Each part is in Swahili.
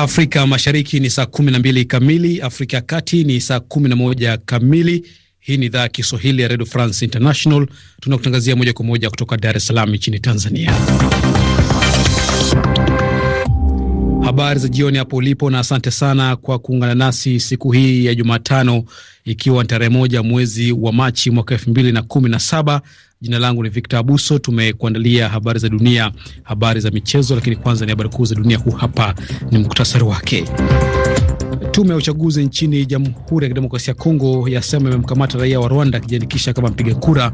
Afrika Mashariki ni saa 12 kamili, Afrika ya Kati ni saa moja kamili. Hii ni idhaa ya Kiswahili ya Redio France International, tunakutangazia moja kwa moja kutoka Dar es Salaam nchini Tanzania. Habari za jioni hapo ulipo, na asante sana kwa kuungana nasi siku hii ya Jumatano, ikiwa ni tarehe moja mwezi wa Machi mwaka elfu mbili na kumi na saba Jina langu ni Victor Abuso. Tumekuandalia habari za dunia, habari za michezo, lakini kwanza ni habari kuu za dunia. Huu hapa ni muktasari wake. Tume ya uchaguzi nchini Jamhuri ya Kidemokrasia ya Kongo yasema imemkamata raia wa Rwanda akijiandikisha kama mpiga kura.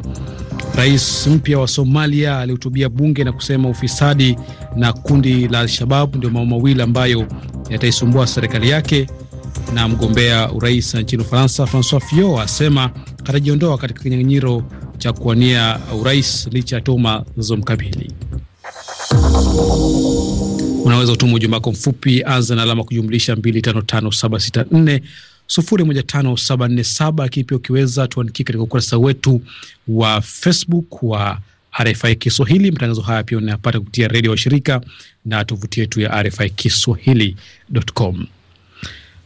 Rais mpya wa Somalia alihutubia bunge na kusema ufisadi na kundi la Al-Shabab ndio mambo mawili ambayo yataisumbua serikali yake. Na mgombea urais nchini Ufaransa Francois Fillon asema atajiondoa katika kinyang'anyiro cha kuwania urais licha ya tuhuma zilizomkabili. Unaweza utuma ujumbe wako mfupi, anza na alama kujumlisha 255764 015747 lakini pia ukiweza tuandikie katika ukurasa wetu wa Facebook wa RFI Kiswahili. Matangazo haya pia unayapata kupitia redio wa shirika na tovuti yetu ya RFI Kiswahili.com.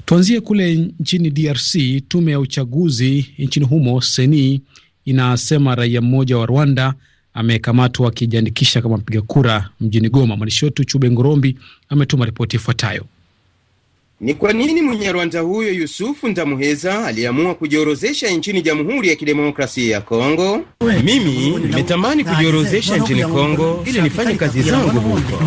Tuanzie kule nchini DRC. Tume ya uchaguzi nchini humo seni inasema raia mmoja wa Rwanda amekamatwa akijiandikisha kama mpiga kura mjini Goma. Mwandishi wetu Chube Ngorombi ametuma ripoti ifuatayo. Ni kwa nini Mnyarwanda huyo Yusufu Ndamuheza aliamua kujiorozesha nchini Jamhuri ya Kidemokrasia ya Kongo? Mimi nimetamani kujiorozesha nchini Kongo ili nifanye kazi zangu huko.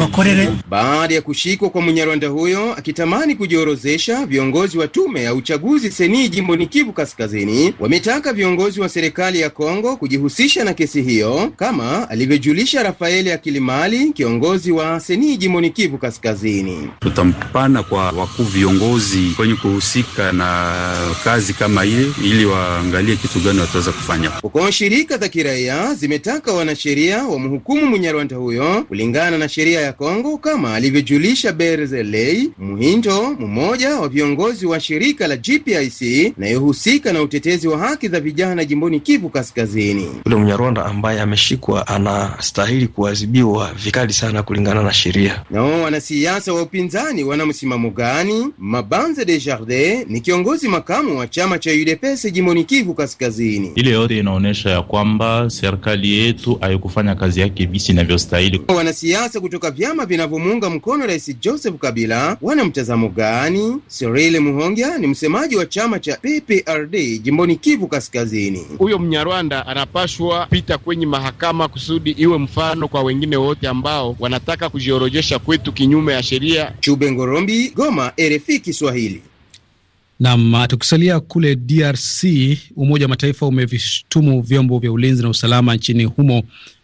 Baada ya kushikwa kwa Mnyarwanda huyo akitamani kujiorozesha, viongozi wa tume ya uchaguzi senii jimboni Kivu Kaskazini wametaka viongozi wa serikali ya Kongo kujihusisha na kesi hiyo, kama alivyojulisha Rafaeli Akilimali, kiongozi wa senii jimboni Kivu Kaskazini. Tutampana kwa wakuvi viongozi kwenye kuhusika na kazi kama ile, ili waangalie kitu gani wataweza kufanya. Uko shirika za kiraia zimetaka wanasheria wamhukumu Mnyarwanda huyo kulingana na sheria ya Kongo, kama alivyojulisha Berzelei Muhindo, mmoja wa viongozi wa shirika la GPIC inayohusika na utetezi wa haki za vijana jimboni Kivu Kaskazini. Yule Mnyarwanda ambaye ameshikwa anastahili kuadhibiwa vikali sana kulingana na sheria. Nao wanasiasa wa upinzani wana msimamo gani? Mabanze de Jardin ni kiongozi makamu wa chama cha UDPS jimboni Kivu Kaskazini. Ile yote inaonyesha ya kwamba serikali yetu haikufanya kazi yake bisi inavyostahili. Wanasiasa kutoka vyama vinavyomuunga mkono Rais Joseph Kabila wana mtazamo gani? Cyril Muhongia ni msemaji wa chama cha PPRD jimboni Kivu Kaskazini. Huyo Mnyarwanda anapashwa pita kwenye mahakama kusudi iwe mfano kwa wengine wote ambao wanataka kujiorojesha kwetu kinyume ya sheria. Chube Ngorombi, Goma, RF. RFI Kiswahili. Nam, tukisalia kule DRC, Umoja wa Mataifa umevishtumu vyombo vya ulinzi na usalama nchini humo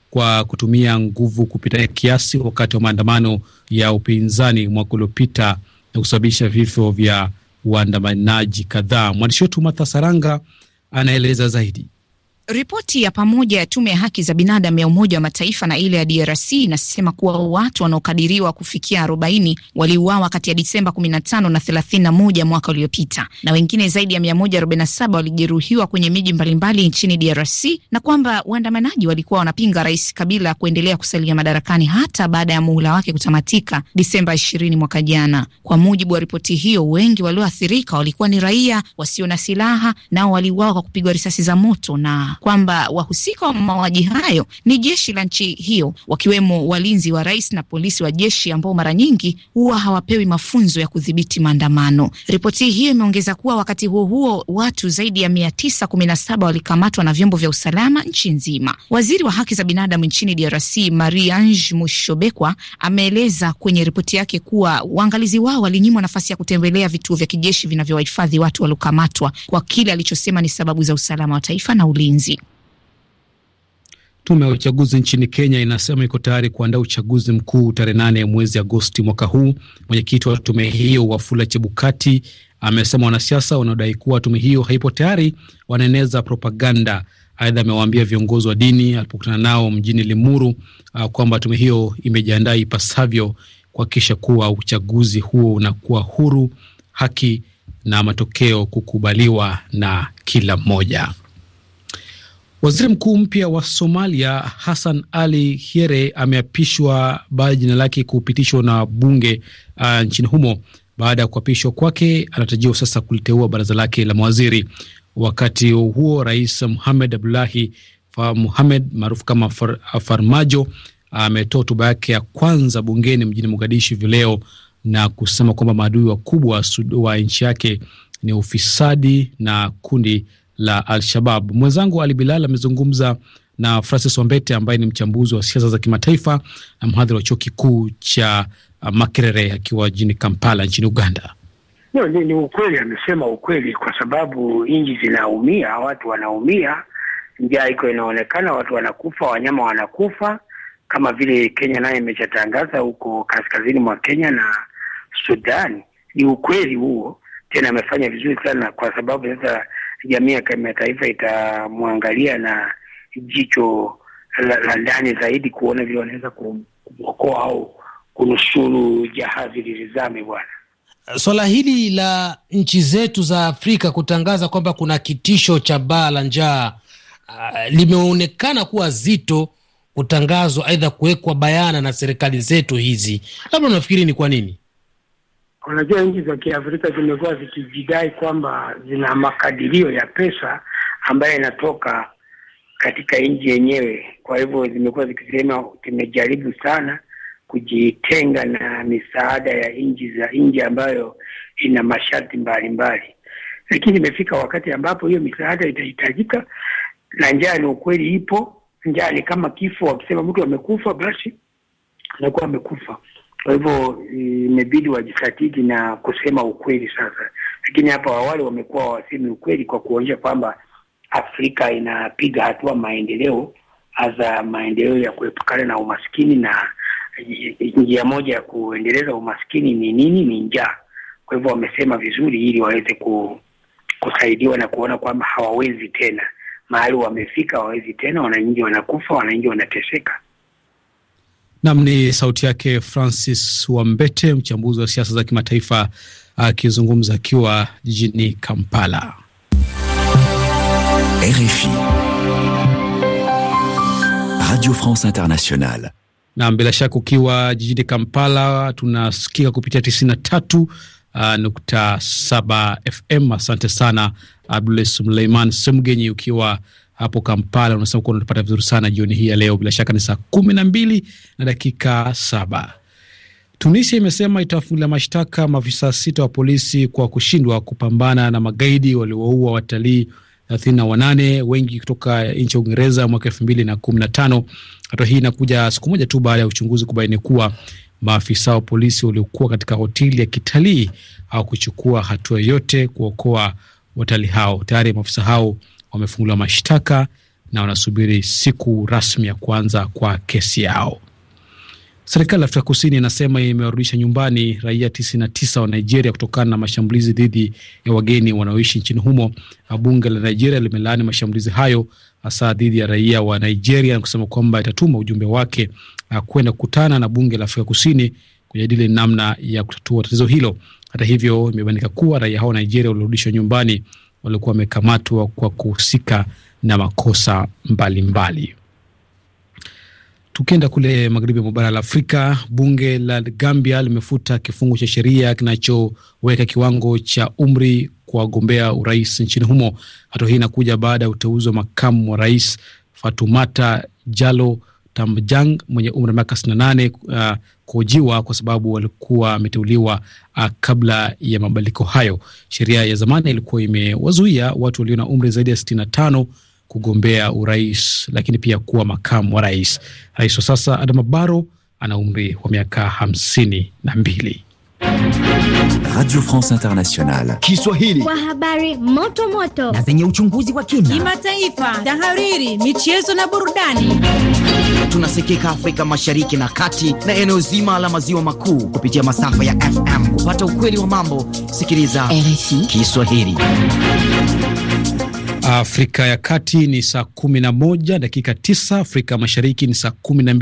kwa kutumia nguvu kupita kiasi wakati wa maandamano ya upinzani mwaka uliopita na kusababisha vifo vya waandamanaji kadhaa. Mwandishi wetu matha Saranga anaeleza zaidi. Ripoti ya pamoja ya tume ya haki za binadamu ya Umoja wa Mataifa na ile ya DRC inasema kuwa watu wanaokadiriwa kufikia 40 waliuawa kati ya Disemba 15 na 31 mwaka uliopita na wengine zaidi ya 147 walijeruhiwa kwenye miji mbalimbali nchini DRC na kwamba waandamanaji walikuwa wanapinga Rais Kabila kuendelea kusalia madarakani hata baada ya muhula wake kutamatika Disemba 20 mwaka jana. Kwa mujibu wa ripoti hiyo, wengi walioathirika walikuwa ni raia wasio na silaha, nao waliuawa kwa kupigwa risasi za moto na kwamba wahusika wa mauaji hayo ni jeshi la nchi hiyo, wakiwemo walinzi wa rais na polisi wa jeshi ambao mara nyingi huwa hawapewi mafunzo ya kudhibiti maandamano. Ripoti hiyo imeongeza kuwa wakati huo huo watu zaidi ya 917 walikamatwa na vyombo vya usalama nchi nzima. Waziri wa haki za binadamu nchini DRC Marie Ange Mushobekwa ameeleza kwenye ripoti yake kuwa waangalizi wao walinyimwa nafasi ya kutembelea vituo vya kijeshi vinavyowahifadhi watu waliokamatwa kwa kile alichosema ni sababu za usalama wa taifa na ulinzi uchaguzi. Tume ya uchaguzi nchini Kenya inasema iko tayari kuandaa uchaguzi mkuu tarehe nane mwezi Agosti mwaka huu. Mwenyekiti wa tume hiyo Wafula Chebukati amesema wanasiasa wanaodai kuwa tume hiyo haipo tayari wanaeneza propaganda. Aidha, amewaambia viongozi wa dini alipokutana nao mjini Limuru uh, kwamba tume hiyo imejiandaa ipasavyo kuhakikisha kuwa uchaguzi huo unakuwa huru, haki na matokeo kukubaliwa na kila mmoja. Waziri mkuu mpya wa Somalia Hassan Ali Hiere ameapishwa baada ya jina lake kupitishwa na bunge uh, nchini humo. Baada ya kuapishwa kwake, anatarajiwa sasa kuliteua baraza lake la mawaziri. Wakati huo rais Muhamed Abdullahi muhamed maarufu kama far, Farmajo ametoa hotuba yake ya kwanza bungeni mjini Mogadishu hivi leo na kusema kwamba maadui wakubwa wa, wa nchi yake ni ufisadi na kundi la Al-Shabab. Mwenzangu Ali Bilal amezungumza na Francis Wambete ambaye ni mchambuzi wa siasa za kimataifa na mhadhiri wa chuo kikuu cha uh, Makerere akiwa jini Kampala nchini Uganda. No, ni, ni ukweli, amesema ukweli kwa sababu nchi zinaumia, watu wanaumia, njaa iko inaonekana, watu wanakufa, wanyama wanakufa, kama vile Kenya naye imeshatangaza huko kaskazini mwa Kenya na Sudani. Ni ukweli huo, tena amefanya vizuri sana, kwa sababu sasa jamii ya kimataifa itamwangalia na jicho la ndani zaidi kuona vile wanaweza kumwokoa au kunusuru jahazi lilizame. Bwana, swala hili la nchi zetu za Afrika kutangaza kwamba kuna kitisho cha baa la njaa uh, limeonekana kuwa zito kutangazwa, aidha kuwekwa bayana na serikali zetu hizi, labda unafikiri ni kwa nini? Unajua, nchi za Kiafrika zimekuwa zikijidai kwamba zina makadirio ya pesa ambayo inatoka katika nchi yenyewe. Kwa hivyo zimekuwa zikisema tumejaribu sana kujitenga na misaada ya nchi za nje ambayo ina masharti mbalimbali, lakini imefika wakati ambapo hiyo misaada itahitajika, na njaa ni ukweli ipo. Njaa ni kama kifo, wakisema mtu amekufa, basi anakuwa amekufa. Kwa hivyo imebidi wajikatiti na kusema ukweli. Sasa lakini hapo awali wamekuwa wasemi ukweli kwa kuonyesha kwamba Afrika inapiga hatua maendeleo, hasa maendeleo ya kuepukana na umaskini, na njia moja ya kuendeleza umaskini ni nini? Ni njaa. Kwa hivyo wamesema vizuri, ili waweze ku, kusaidiwa na kuona kwamba hawawezi tena, mahali wamefika hawawezi tena, wananyingi wanakufa, wananchi wanateseka. Nam ni sauti yake Francis Wambete, mchambuzi wa siasa za kimataifa akizungumza akiwa jijini Kampala. RFI Radio France Internationale. Nam, bila shaka ukiwa jijini Kampala tunasikika kupitia 93 Uh, ah, nukta saba FM. Asante sana Abdul Suleiman Semgenyi ukiwa hapo Kampala. Unasema kuwa unatupata vizuri sana jioni hii ya leo, bila shaka ni saa kumi na mbili na dakika saba. Tunisia imesema itafungulia mashtaka maafisa sita wa polisi kwa kushindwa kupambana na magaidi waliowaua watalii thelathini na wanane wengi kutoka nchi ya Uingereza mwaka elfu mbili na na kumi tano. Hatua hii inakuja siku moja tu baada ya uchunguzi kubaini kuwa maafisa wa polisi waliokuwa katika hoteli ya kitalii hawakuchukua hatua yoyote kuokoa watalii hao. Tayari maafisa hao wamefunguliwa mashtaka na wanasubiri siku rasmi ya kuanza kwa kesi yao. Serikali ya Afrika Kusini inasema imewarudisha nyumbani raia 99 wa Nigeria kutokana na mashambulizi dhidi ya wageni wanaoishi nchini humo. Bunge la Nigeria limelaani mashambulizi hayo hasa dhidi ya raia wa Nigeria na kusema kwamba itatuma ujumbe wake ah, kwenda kukutana na bunge la Afrika Kusini kujadili namna ya kutatua tatizo hilo. Hata hivyo, imebainika kuwa raia hao wa Nigeria walirudishwa nyumbani waliokuwa wamekamatwa kwa kuhusika na makosa mbalimbali. Tukienda kule magharibi mwa bara la Afrika, bunge la Gambia limefuta kifungu cha sheria kinachoweka kiwango cha umri kwa wagombea urais nchini humo. Hatua hii inakuja baada ya uteuzi wa makamu wa rais Fatumata Jalo Tambajang mwenye umri wa miaka 68 uh, kuhojiwa kwa sababu walikuwa wameteuliwa uh, kabla ya mabadiliko hayo. Sheria ya zamani ilikuwa imewazuia watu walio na umri zaidi ya 65 tano kugombea urais, lakini pia kuwa makamu wa rais. Rais wa sasa Adama Barrow ana umri wa miaka hamsini na mbili. Radio France Internationale Kiswahili, kwa habari moto moto na zenye uchunguzi wa kina, kimataifa, tahariri, michezo na burudani. Tunasikika Afrika Mashariki na Kati na eneo zima la maziwa makuu kupitia masafa ya FM. Kupata ukweli wa mambo, sikiliza RFI Kiswahili. Afrika ya Kati ni saa moja dakika 9, Afrika Mashariki ni saa kumi na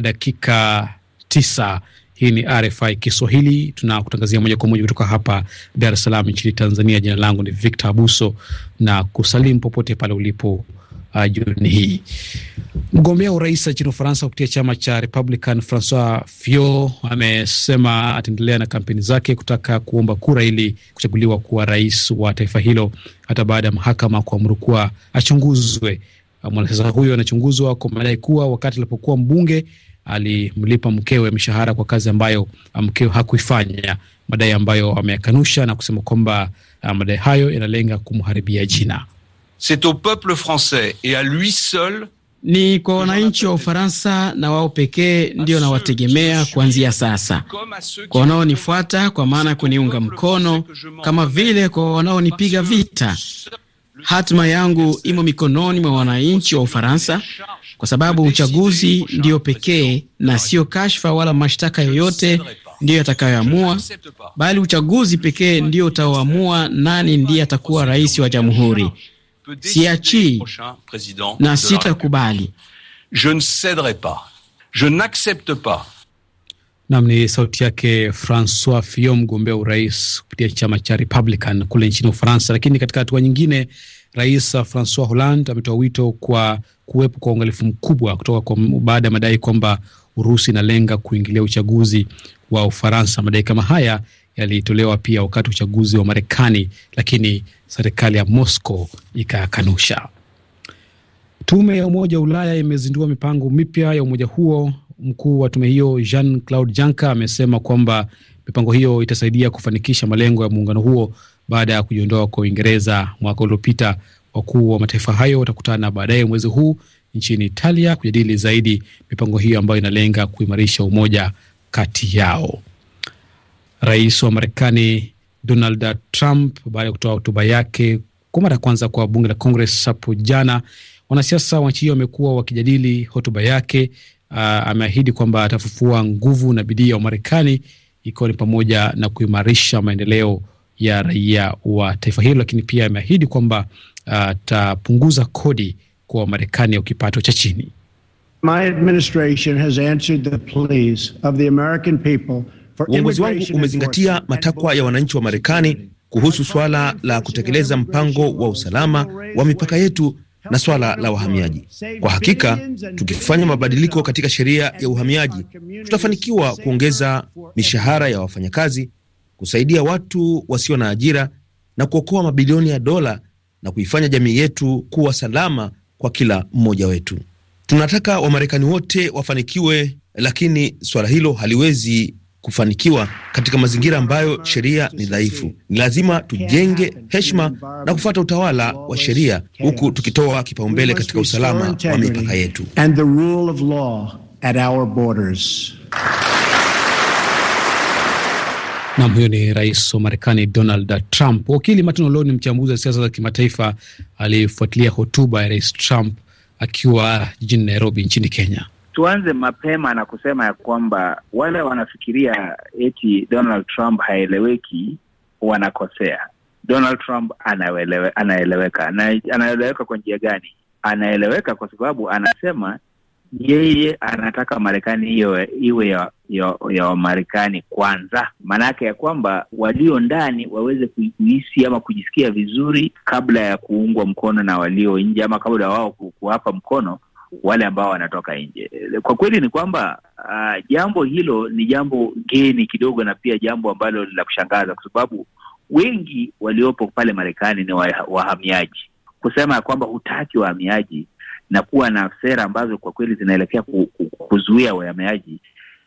dakika 9. Hii ni RFI Kiswahili, tunakutangazia moja kwa moja kutoka hapa Dar es Salaam nchini Tanzania. Jina langu ni Victor Abuso na kusalimu popote pale ulipo uh, Juni hii. Mgombea urais nchini Ufaransa kupitia chama cha Republican Francois Fillon amesema ataendelea na kampeni zake kutaka kuomba kura ili kuchaguliwa kuwa rais wa taifa hilo hata baada ya mahakama kuamuru kuwa achunguzwe. Uh, mwanasiasa huyo anachunguzwa kwa madai kuwa wakati alipokuwa mbunge alimlipa mkewe mishahara kwa kazi ambayo uh, mkewe hakuifanya, madai ambayo ameyakanusha na kusema kwamba uh, madai hayo yanalenga kumharibia jina c'est au peuple français et à lui seul. Ni kwa wananchi wa Ufaransa na wao pekee ndio nawategemea kuanzia sasa, kwa wanaonifuata, kwa maana kuniunga mkono, kama vile kwa wanaonipiga vita. Hatima yangu imo mikononi mwa wananchi wa Ufaransa, kwa sababu uchaguzi ndio pekee na sio kashfa wala mashtaka yoyote ndiyo yatakayoamua, bali uchaguzi pekee ndio utaoamua nani ndiye atakuwa rais wa jamhuri siachii na sitakubali. Je ne cederai pas. Je n'accepte pas. Nam ni sauti yake Francois Fillon, mgombea urais kupitia chama cha Republican kule nchini Ufaransa. Lakini katika hatua nyingine, Rais Francois Hollande ametoa wito kwa kuwepo kwa uangalifu mkubwa kutoka kwa baada ya madai kwamba Urusi inalenga kuingilia uchaguzi wa Ufaransa. Madai kama haya yalitolewa pia wakati wa uchaguzi wa Marekani, lakini serikali ya Moscow ikayakanusha. Tume ya Umoja wa Ulaya imezindua mipango mipya ya umoja huo. Mkuu wa tume hiyo Jean Claude Juncker amesema kwamba mipango hiyo itasaidia kufanikisha malengo ya muungano huo baada ya kujiondoa kwa Uingereza mwaka uliopita. Wakuu wa mataifa hayo watakutana baadaye mwezi huu nchini Italia kujadili zaidi mipango hiyo ambayo inalenga kuimarisha umoja kati yao. Rais wa Marekani Donald Trump baada ya kutoa hotuba yake kwa mara ya kwanza kwa bunge la Congress hapo jana, wanasiasa wa nchi hiyo wamekuwa wakijadili hotuba yake. Uh, ameahidi kwamba atafufua nguvu na bidii ya Wamarekani, ikiwa ni pamoja na kuimarisha maendeleo ya raia wa taifa hilo, lakini pia ameahidi kwamba atapunguza uh, kodi kwa Wamarekani wa kipato cha chini. My administration has answered the pleas of the American people Uongozi wangu umezingatia matakwa ya wananchi wa Marekani kuhusu swala la kutekeleza mpango wa usalama wa mipaka yetu na swala la wahamiaji. Kwa hakika, tukifanya mabadiliko katika sheria ya uhamiaji, tutafanikiwa kuongeza mishahara ya wafanyakazi, kusaidia watu wasio na ajira na kuokoa mabilioni ya dola na kuifanya jamii yetu kuwa salama kwa kila mmoja wetu. Tunataka Wamarekani wote wafanikiwe, lakini swala hilo haliwezi kufanikiwa katika mazingira ambayo sheria ni dhaifu. Ni lazima tujenge heshima na kufuata utawala wa sheria, huku tukitoa kipaumbele katika usalama wa mipaka yetu. Nam, huyo ni rais wa Marekani Donald Trump. Wakili Martin Olo ni mchambuzi wa siasa za kimataifa, aliyefuatilia hotuba ya rais Trump akiwa jijini Nairobi nchini Kenya tuanze mapema na kusema ya kwamba wale wanafikiria eti Donald Trump haeleweki wanakosea. Donald Trump anaelewe, anaeleweka na, anaeleweka kwa njia gani? Anaeleweka kwa sababu anasema yeye anataka Marekani iwe, iwe ya, Wamarekani kwanza. Maanake ya kwamba walio ndani waweze kuhisi ama kujisikia vizuri kabla ya kuungwa mkono na walio nje ama kabla wao kuwapa mkono wale ambao wanatoka nje. Kwa kweli ni kwamba uh, jambo hilo ni jambo geni kidogo, na pia jambo ambalo la kushangaza, kwa sababu wengi waliopo pale Marekani ni wahamiaji. Kusema ya kwamba hutaki wahamiaji na kuwa na sera ambazo kwa kweli zinaelekea kuzuia wahamiaji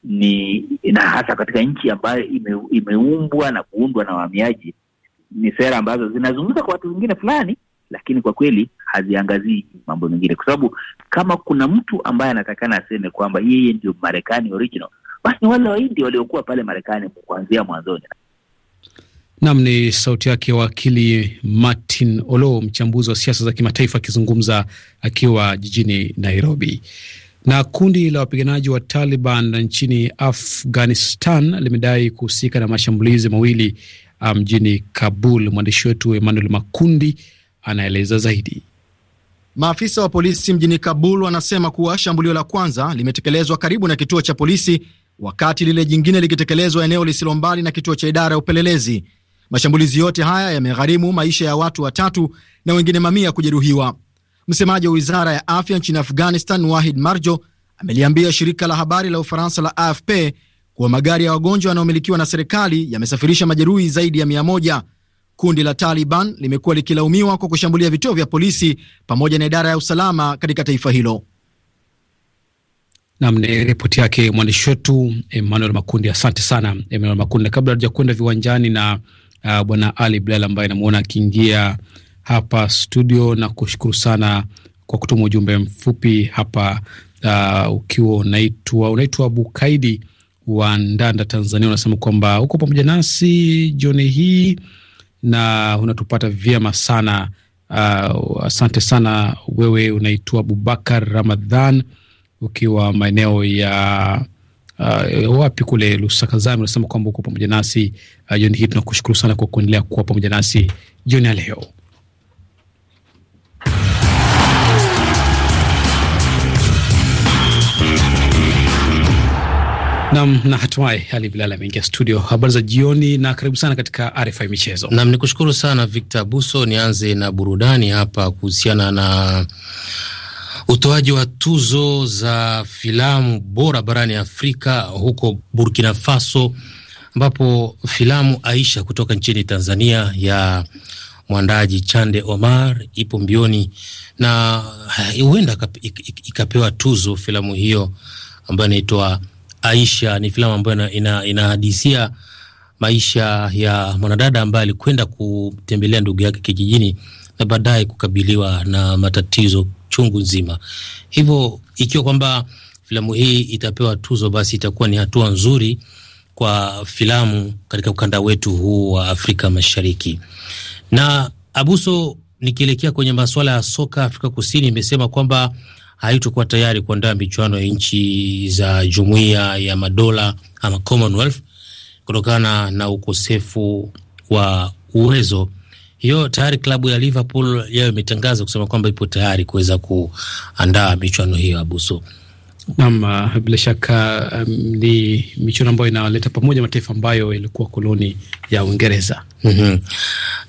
ni na hasa katika nchi ambayo ime, imeumbwa na kuundwa na wahamiaji, ni sera ambazo zinazungumza kwa watu wengine fulani, lakini kwa kweli haziangazii mambo mengine, kwa sababu kama kuna mtu ambaye anatakana aseme kwamba yeye ndio Marekani original, basi wale Wahindi waliokuwa pale Marekani kuanzia mwanzoni. Nam ni sauti yake wakili Martin Olo, mchambuzi wa siasa za kimataifa akizungumza akiwa jijini Nairobi. Na kundi la wapiganaji wa Taliban nchini Afghanistan limedai kuhusika na mashambulizi mawili ah, mjini Kabul. Mwandishi wetu Emmanuel Makundi anaeleza zaidi. Maafisa wa polisi mjini Kabul wanasema kuwa shambulio la kwanza limetekelezwa karibu na kituo cha polisi, wakati lile jingine likitekelezwa eneo lisilo mbali na kituo cha idara ya upelelezi. Mashambulizi yote haya yamegharimu maisha ya watu watatu na wengine mamia kujeruhiwa. Msemaji wa wizara ya afya nchini Afghanistan, Wahid Marjo, ameliambia shirika la habari la Ufaransa la AFP kuwa magari ya wagonjwa yanayomilikiwa na serikali yamesafirisha majeruhi zaidi ya mia moja. Kundi la Taliban limekuwa likilaumiwa kwa kushambulia vituo vya polisi pamoja na idara ya usalama katika taifa hilo. Nam ni ripoti yake mwandishi wetu Emmanuel Makundi. Asante sana Emmanuel Makundi, kabla hatuja kwenda viwanjani na uh, bwana Ali Bilal ambaye namwona akiingia hapa studio, na kushukuru sana kwa kutuma ujumbe mfupi hapa uh, ukiwa unaitwa unaitwa Bukaidi wa Ndanda, Tanzania, unasema kwamba huko pamoja nasi jioni hii na unatupata vyema sana. Uh, asante sana wewe, unaitwa Abubakar Ramadhan ukiwa maeneo ya uh, wapi kule Lusaka unasema kwamba uko pamoja nasi uh, jioni hii. Tunakushukuru sana kwa kuendelea kuwa pamoja nasi jioni ya leo. Nam na hatimaye Ali Bilal ameingia studio. Habari za jioni na karibu sana katika RFI Michezo. Nam ni kushukuru sana Victor Buso. Nianze na burudani hapa kuhusiana na utoaji wa tuzo za filamu bora barani Afrika huko Burkina Faso, ambapo filamu Aisha kutoka nchini Tanzania ya mwandaji Chande Omar ipo mbioni na huenda ikapewa tuzo filamu hiyo ambayo inaitwa Aisha ni filamu ambayo inahadisia ina, ina maisha ya mwanadada ambaye alikwenda kutembelea ndugu yake kijijini na baadaye kukabiliwa na matatizo chungu nzima. Hivyo ikiwa kwamba filamu hii itapewa tuzo, basi itakuwa ni hatua nzuri kwa filamu katika ukanda wetu huu wa Afrika Mashariki. Na Abuso, nikielekea kwenye masuala ya soka Afrika Kusini, imesema kwamba haitokuwa tayari kuandaa michuano ya nchi za jumuiya ya madola ama Commonwealth kutokana na ukosefu wa uwezo. Hiyo tayari klabu ya Liverpool yayo imetangaza kusema kwamba ipo tayari kuweza kuandaa michuano hiyo abuso nam ah, bila shaka um, ni michuano ambayo inaleta pamoja mataifa ambayo yalikuwa koloni ya Uingereza. mm -hmm.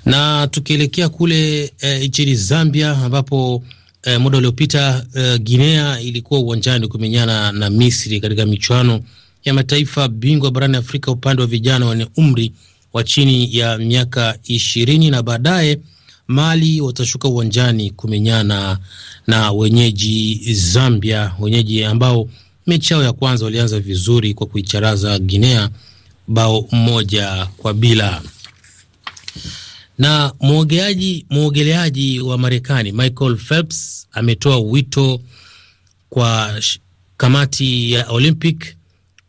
Na tukielekea kule eh, nchini e, Zambia ambapo eh, muda uliopita eh, Guinea ilikuwa uwanjani kumenyana na Misri katika michuano ya mataifa bingwa barani Afrika upande wa vijana wenye umri wa chini ya miaka ishirini na baadaye Mali watashuka uwanjani kumenyana na wenyeji Zambia, wenyeji ambao mechi yao ya kwanza walianza vizuri kwa kuicharaza Guinea bao moja kwa bila. Na mwogeleaji wa Marekani Michael Phelps ametoa wito kwa kamati ya Olympic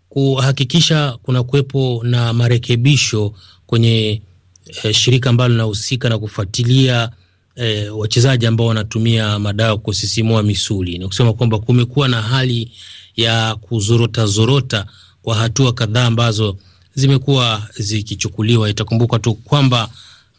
kuhakikisha kuna kuwepo na marekebisho kwenye eh, shirika ambalo linahusika na kufuatilia eh, wachezaji ambao wanatumia madawa kusisimua misuli na kusema kwamba kumekuwa na hali ya kuzorota zorota kwa hatua kadhaa ambazo zimekuwa zikichukuliwa. Itakumbukwa tu kwamba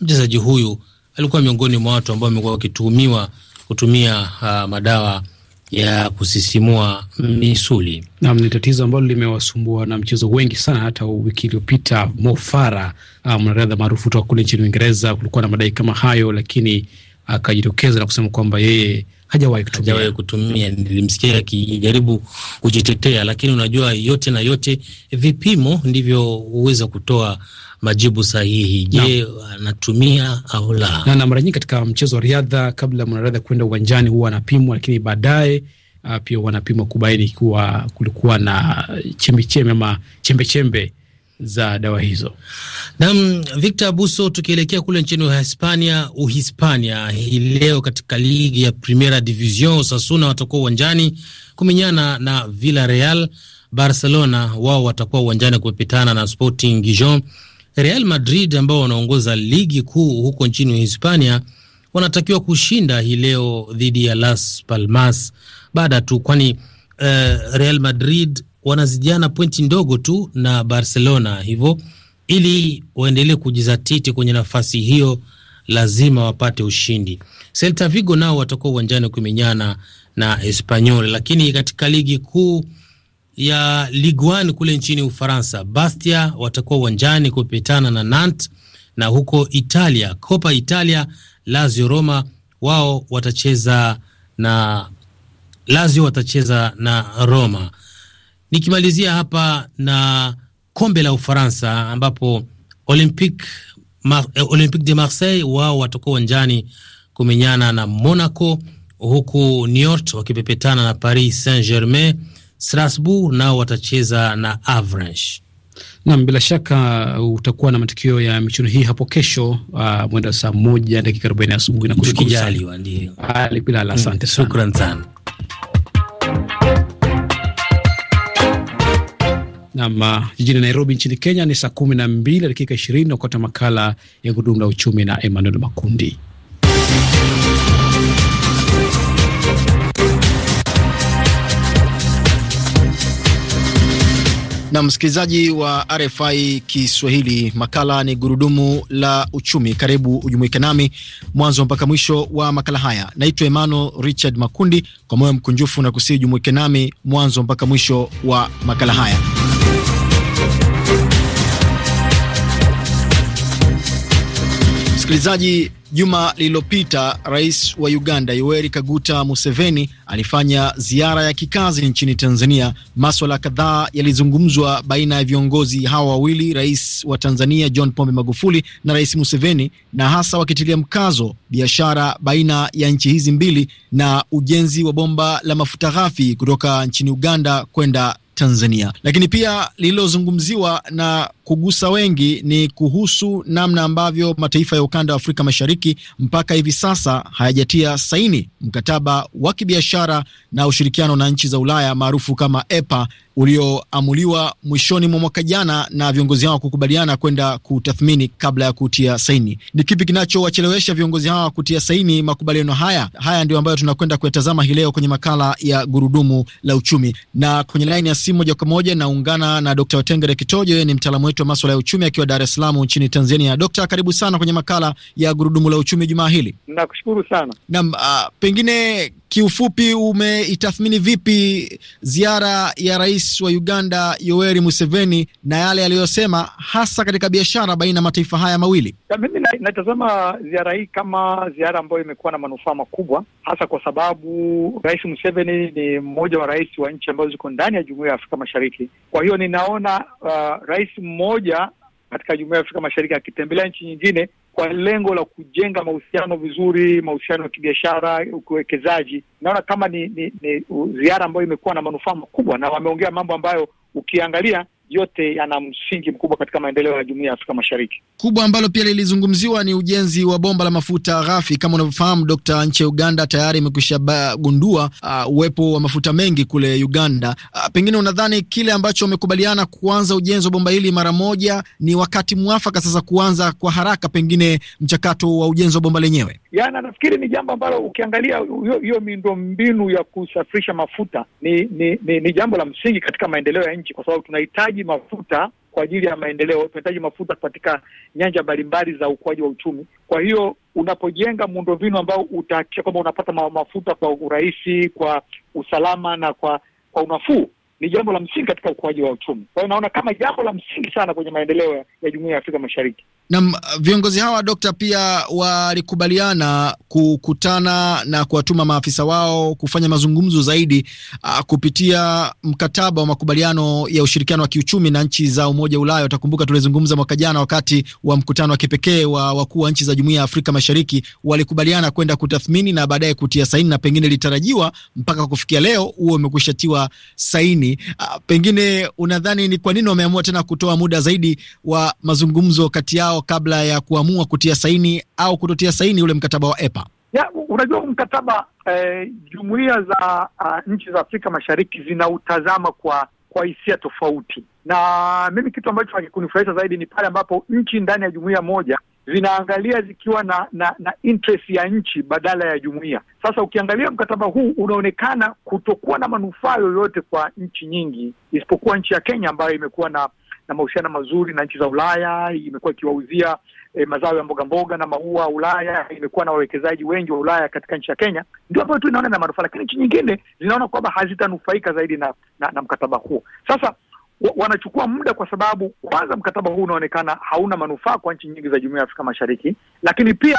mchezaji huyu alikuwa miongoni mwa watu ambao wamekuwa wakituhumiwa kutumia uh, madawa ya kusisimua misuli. Naam, ni tatizo ambalo limewasumbua na mchezo wengi sana. Hata wiki iliyopita Mo Farah, uh, mwanariadha maarufu kutoka kule nchini Uingereza, kulikuwa na madai kama hayo, lakini akajitokeza na kusema kwamba yeye hajawahi kutumia, hajawahi kutumia. Nilimsikia akijaribu kujitetea, lakini unajua yote na yote vipimo ndivyo huweza kutoa majibu sahihi. Je, anatumia au la? Na, na mara nyingi katika mchezo wa riadha, kabla mwanariadha kwenda uwanjani huwa anapimwa, lakini baadaye uh, pia wanapimwa kubaini ikiwa kulikuwa na chembechembe ama chembechembe za dawa hizo. Naam, Victor Abuso, tukielekea kule nchini Hispania, Uhispania hii leo katika ligi ya Primera Division, Osasuna watakuwa uwanjani kumenyana na Villarreal. Barcelona wao watakuwa uwanjani kupitana na Sporting Gijon. Real Madrid ambao wanaongoza ligi kuu huko nchini Hispania wanatakiwa kushinda hii leo dhidi ya Las Palmas baada tu, kwani uh, Real Madrid wanazijana pointi ndogo tu na Barcelona, hivyo ili waendelee kujizatiti kwenye nafasi hiyo lazima wapate ushindi. Celta Vigo nao watakuwa uwanjani kumenyana na Espanyol. Lakini katika ligi kuu ya Ligue 1 kule nchini Ufaransa, Bastia watakuwa uwanjani kupitana na Nantes, na huko Italia, Coppa Italia, Lazio Roma wao watacheza na Lazio watacheza na Roma. Nikimalizia hapa na kombe la Ufaransa ambapo Olympique, Mar eh, Olympique de Marseille wao watakuwa uwanjani kumenyana na Monaco, huku Niort wakipepetana na Paris Saint Germain. Strasbourg nao watacheza na Avranches. Nam, bila shaka uh, utakuwa na matukio ya michuano hii hapo kesho, uh, mwendo saa moja dakika arobaini asubuhi. Nakushukuru, ndio bila, asante mm, sana, shukran sana. Nam, uh, jijini Nairobi nchini Kenya ni saa kumi na mbili dakika ishirini na kukata makala ya gurudumu la uchumi na Emmanuel Makundi. Na msikilizaji wa RFI Kiswahili, makala ni gurudumu la uchumi. Karibu ujumuike nami mwanzo mpaka mwisho wa makala haya. Naitwa Emmanuel Richard Makundi, kwa moyo mkunjufu na kusii ujumuike nami mwanzo mpaka mwisho wa makala haya. Msikilizaji, Juma lililopita rais wa Uganda Yoweri Kaguta Museveni alifanya ziara ya kikazi nchini Tanzania. Maswala kadhaa yalizungumzwa baina ya viongozi hawa wawili, rais wa Tanzania John Pombe Magufuli na rais Museveni, na hasa wakitilia mkazo biashara baina ya nchi hizi mbili na ujenzi wa bomba la mafuta ghafi kutoka nchini Uganda kwenda Tanzania. Lakini pia lililozungumziwa na kugusa wengi ni kuhusu namna ambavyo mataifa ya ukanda wa Afrika Mashariki mpaka hivi sasa hayajatia saini mkataba wa kibiashara na ushirikiano na nchi za Ulaya maarufu kama EPA ulioamuliwa mwishoni mwa mwaka jana na viongozi hao kukubaliana kwenda kutathmini kabla ya kutia saini. Ni kipi kinachowachelewesha viongozi hawa kutia saini makubaliano haya? Haya ndio ambayo tunakwenda kuyatazama hii leo kwenye makala ya gurudumu la uchumi, na kwenye laini ya simu moja kwa moja naungana na d Watengere Kitojo, yeye ni mtaalamu wetu wa maswala ya uchumi akiwa Dar es Salaam nchini Tanzania. Dokta, karibu sana kwenye makala ya gurudumu la uchumi jumaa hili. Nakushukuru sana. Naam, uh, pengine kiufupi, umeitathmini vipi ziara ya rais wa Uganda Yoweri Museveni na yale yaliyosema, hasa katika biashara baina ya mataifa haya mawili? Mimi naitazama ziara hii kama ziara ambayo imekuwa na manufaa makubwa, hasa kwa sababu Rais Museveni ni mmoja wa rais wa nchi ambazo ziko ndani ya Jumuiya ya Afrika Mashariki. Kwa hiyo ninaona uh, rais mmoja katika Jumuiya ya Afrika Mashariki akitembelea nchi nyingine kwa lengo la kujenga mahusiano vizuri, mahusiano ya kibiashara, uwekezaji. Naona kama ni, ni, ni ziara ambayo imekuwa na manufaa makubwa, na wameongea mambo ambayo ukiangalia yote yana msingi mkubwa katika maendeleo ya jumuiya ya Afrika Mashariki. Kubwa ambalo pia lilizungumziwa ni ujenzi wa bomba la mafuta ghafi. Kama unavyofahamu, Dokta, nchi ya Uganda tayari imekwisha gundua uh, uwepo wa mafuta mengi kule Uganda. Uh, pengine unadhani kile ambacho wamekubaliana kuanza ujenzi wa bomba hili mara moja ni wakati mwafaka sasa kuanza kwa haraka pengine mchakato wa ujenzi wa bomba lenyewe? Yaani nafikiri ni jambo ambalo ukiangalia hiyo miundombinu ya kusafirisha mafuta ni ni, ni ni jambo la msingi katika maendeleo ya nchi, kwa sababu tunahitaji mafuta kwa ajili ya maendeleo, tunahitaji mafuta katika nyanja mbalimbali za ukuaji wa uchumi. Kwa hiyo unapojenga mbinu ambao utahakikisha kwamba unapata mafuta kwa urahisi, kwa usalama na kwa kwa unafuu ni jambo la msingi katika ukuaji wa uchumi. Kwa hiyo naona kama jambo la msingi sana kwenye maendeleo ya jumuiya ya Afrika Mashariki. Naam, viongozi hawa Dokta pia walikubaliana kukutana na kuwatuma maafisa wao kufanya mazungumzo zaidi a, ah, kupitia mkataba wa makubaliano ya ushirikiano wa kiuchumi na nchi za Umoja wa Ulaya. Utakumbuka tulizungumza mwaka jana wakati wa mkutano wa kipekee wa wakuu wa nchi za jumuiya ya Afrika Mashariki, walikubaliana kwenda kutathmini na baadaye kutia saini, na pengine ilitarajiwa mpaka kufikia leo huo umekwishatiwa saini. Marekani. Ah, pengine unadhani ni kwa nini wameamua tena kutoa muda zaidi wa mazungumzo kati yao kabla ya kuamua kutia saini au kutotia saini ule mkataba wa EPA? Ya, unajua mkataba eh, jumuiya za uh, nchi za Afrika Mashariki zinautazama kwa kwa hisia tofauti, na mimi kitu ambacho hakikunifurahisha zaidi ni pale ambapo nchi ndani ya jumuiya moja zinaangalia zikiwa na na, na interest ya nchi badala ya jumuiya. Sasa ukiangalia mkataba huu unaonekana kutokuwa na manufaa yoyote kwa nchi nyingi isipokuwa nchi ya Kenya ambayo imekuwa na na mahusiano mazuri na nchi za Ulaya, imekuwa ikiwauzia e, mazao ya mboga mboga na maua Ulaya, imekuwa na wawekezaji wengi wa Ulaya katika nchi ya Kenya, ndio ambayo tu inaona na manufaa, lakini nchi nyingine zinaona kwamba hazitanufaika zaidi na, na, na mkataba huo. Sasa wanachukua muda kwa sababu kwanza mkataba huu unaonekana hauna manufaa kwa nchi nyingi za Jumuiya ya Afrika Mashariki, lakini pia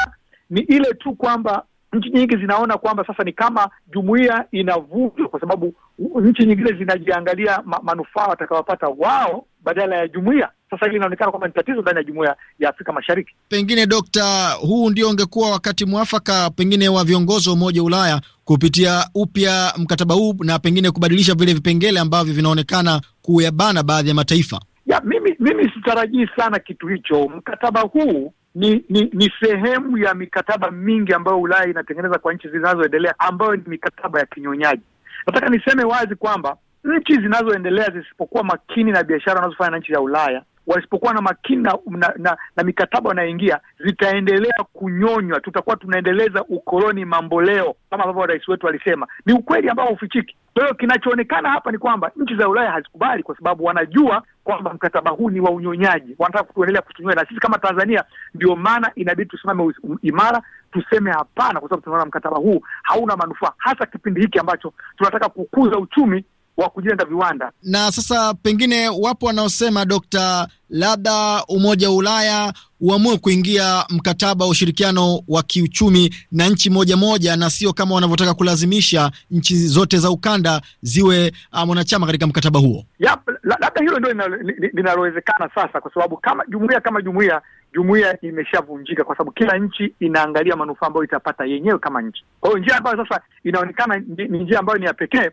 ni ile tu kwamba nchi nyingi zinaona kwamba sasa ni kama jumuiya inavujwa kwa sababu nchi nyingine zinajiangalia ma manufaa watakayopata wao badala ya jumuiya. Sasa hili linaonekana kwamba ni tatizo ndani ya jumuiya ya Afrika Mashariki. Pengine Dokta, huu ndio ungekuwa wakati mwafaka pengine wa viongozi wa Umoja wa Ulaya kupitia upya mkataba huu na pengine kubadilisha vile vipengele ambavyo vinaonekana kuyabana baadhi ya mataifa ya. Mimi, mimi sitarajii sana kitu hicho. Mkataba huu ni, ni ni sehemu ya mikataba mingi ambayo Ulaya inatengeneza kwa nchi zinazoendelea ambayo ni mikataba ya kinyonyaji. Nataka niseme wazi kwamba nchi zinazoendelea zisipokuwa makini na biashara wanazofanya na nchi za Ulaya wasipokuwa na makini na, na, na mikataba wanayoingia zitaendelea kunyonywa. Tutakuwa tunaendeleza ukoloni mamboleo kama ambavyo rais wetu alisema, ni ukweli ambao haufichiki. Kwa hiyo kinachoonekana hapa ni kwamba nchi za Ulaya hazikubali, kwa sababu wanajua kwamba mkataba huu ni wa unyonyaji, wanataka kutuendelea kutunyonya. Na sisi kama Tanzania, ndio maana inabidi tusimame imara, tuseme hapana, kwa sababu tunaona mkataba huu hauna manufaa, hasa kipindi hiki ambacho tunataka kukuza uchumi wa kujenga viwanda. Na sasa pengine wapo wanaosema Dokta, labda Umoja wa Ulaya uamue kuingia mkataba wa ushirikiano wa kiuchumi na nchi moja moja, na sio kama wanavyotaka kulazimisha nchi zote za ukanda ziwe uh, mwanachama katika mkataba huo. Yep, labda hilo ndio linalowezekana sasa, kwa sababu kama jumuia kama jumuia jumuia imeshavunjika kwa sababu kila nchi inaangalia manufaa ambayo itapata yenyewe kama nchi. Kwa hiyo njia ambayo sasa inaonekana ni njia ambayo ni ya pekee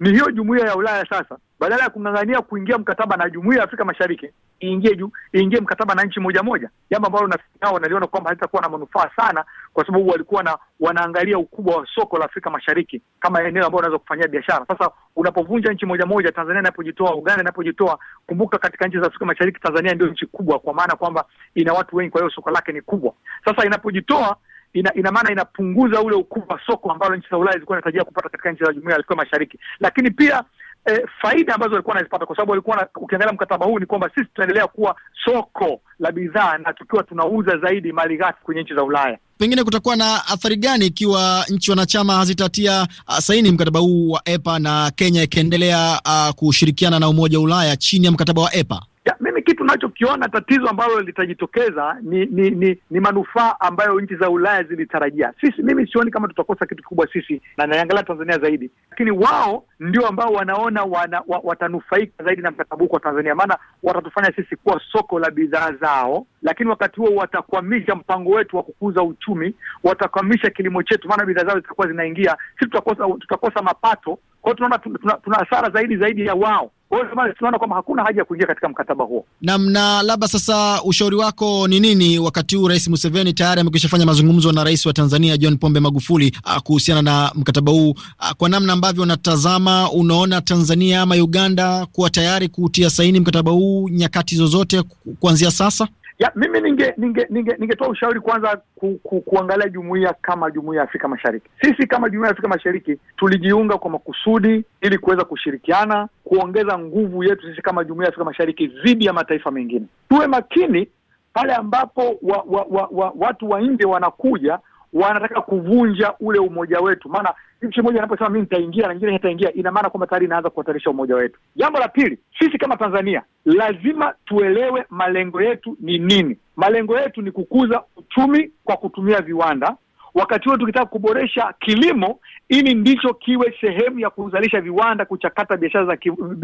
ni hiyo jumuiya ya Ulaya sasa, badala ya kung'ang'ania kuingia mkataba na jumuiya ya Afrika Mashariki iingie juu iingie mkataba na nchi moja moja, jambo ambalo nafikiri nao wanaliona kwamba halitakuwa na manufaa sana, kwa sababu walikuwa na wanaangalia ukubwa wa soko la Afrika Mashariki kama eneo ambalo unaweza kufanyia biashara. Sasa unapovunja nchi moja moja, Tanzania inapojitoa, Uganda inapojitoa, kumbuka katika nchi za Afrika Mashariki Tanzania ndio nchi kubwa, kwa maana kwamba ina watu wengi, kwa hiyo soko lake ni kubwa. Sasa inapojitoa ina, ina maana inapunguza ule ukubwa wa soko ambalo nchi za Ulaya zilikuwa zinatarajia kupata katika nchi za Jumuiya ya Afrika Mashariki, lakini pia E, faida ambazo walikuwa wanazipata kwa sababu walikuwa, ukiangalia mkataba huu ni kwamba sisi tunaendelea kuwa soko la bidhaa na tukiwa tunauza zaidi mali ghafi kwenye nchi za Ulaya. Pengine kutakuwa na athari gani ikiwa nchi wanachama hazitatia ah, saini mkataba huu wa EPA na Kenya ikiendelea uh, ah, kushirikiana na Umoja wa Ulaya chini ya mkataba wa EPA? ya, mimi kitu nachokiona tatizo ambalo litajitokeza ni ni ni, ni manufaa ambayo nchi za Ulaya zilitarajia. Sisi mimi sioni kama tutakosa kitu kikubwa sisi, na naiangalia Tanzania zaidi, lakini wao ndio ambao wanaona wana, wa, watanufaika zaidi na mtatabuko wa Tanzania, maana watatufanya sisi kuwa soko la bidhaa zao, lakini wakati huo watakwamisha mpango wetu wa kukuza uchumi, watakwamisha kilimo chetu, maana bidhaa zao zitakuwa zinaingia, sisi tutakosa tutakosa mapato. Kwa tunaona tuna hasara zaidi zaidi ya wao. Kwa hiyo maana tunaona kwamba hakuna haja ya kuingia katika mkataba huo. Naam, na labda sasa ushauri wako ni nini, wakati huu Rais Museveni tayari amekwisha fanya mazungumzo na Rais wa Tanzania John Pombe Magufuli ah, kuhusiana na mkataba huu, ah, kwa namna ambavyo unatazama, unaona Tanzania ama Uganda kuwa tayari kutia saini mkataba huu nyakati zozote kuanzia sasa? ya mimi ningetoa ninge, ninge, ninge ushauri kwanza ku, ku, kuangalia jumuiya kama jumuiya ya Afrika Mashariki. Sisi kama jumuiya ya Afrika Mashariki tulijiunga kwa makusudi ili kuweza kushirikiana kuongeza nguvu yetu sisi kama jumuiya ya Afrika Mashariki dhidi ya mataifa mengine. Tuwe makini pale ambapo wa, wa, wa, wa, watu wa nje wanakuja wanataka kuvunja ule umoja wetu, maana nchi moja inaposema mimi nitaingia na nyingine hataingia, ina maana kwamba tayari inaanza kuhatarisha umoja wetu. Jambo la pili, sisi kama Tanzania lazima tuelewe malengo yetu ni nini. Malengo yetu ni kukuza uchumi kwa kutumia viwanda, wakati huo tukitaka kuboresha kilimo ili ndicho kiwe sehemu ya kuzalisha viwanda, kuchakata biashara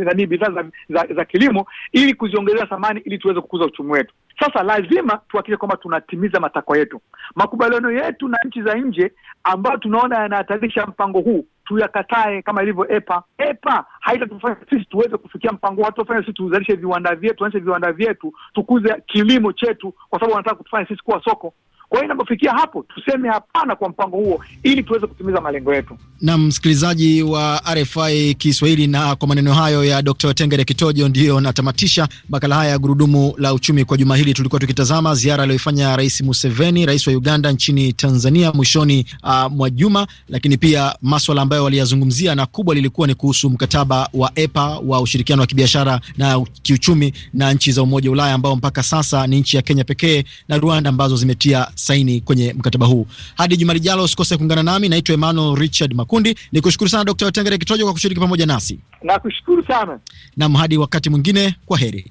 za bidhaa za, za, za kilimo ili kuziongezea thamani ili tuweze kukuza uchumi wetu. Sasa lazima tuhakikishe kwamba tunatimiza matakwa yetu. Makubaliano yetu na nchi za nje ambayo tunaona yanahatarisha mpango huu tuyakatae, kama ilivyo EPA. EPA haitatufanya sisi tuweze kufikia mpango huu, hatutafanya sisi tuzalishe viwanda vyetu, tuanishe viwanda vyetu, tukuze kilimo chetu, kwa sababu wanataka kutufanya sisi kuwa soko. Kwa hiyo inapofikia hapo, tuseme hapana kwa mpango huo ili tuweze kutimiza malengo yetu. Na msikilizaji wa RFI Kiswahili, na kwa maneno hayo ya Dr. Tengere Kitojo, ndiyo natamatisha makala haya ya gurudumu la uchumi kwa juma hili. Tulikuwa tukitazama ziara aliyoifanya Rais Museveni, rais wa Uganda, nchini Tanzania mwishoni uh, mwa juma, lakini pia maswala ambayo waliyazungumzia na kubwa lilikuwa ni kuhusu mkataba wa EPA wa ushirikiano wa kibiashara na kiuchumi na nchi za Umoja wa Ulaya ambao mpaka sasa ni nchi ya Kenya pekee na Rwanda ambazo zimetia saini kwenye mkataba huu. Hadi juma lijalo, usikose kuungana nami. Naitwa Emmanuel Richard Makundi, ni kushukuru sana Dkt. Wetengere Kitojo kwa kushiriki pamoja nasi. Nakushukuru sana nam, hadi wakati mwingine, kwa heri.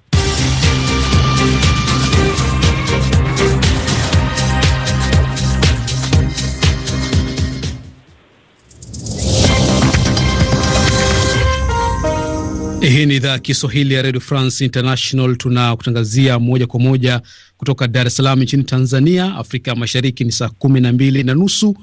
Hii ni idhaa ya Kiswahili ya redio France International. Tunakutangazia moja kwa moja kutoka Dar es Salaam nchini Tanzania. Afrika Mashariki ni saa kumi na mbili na nusu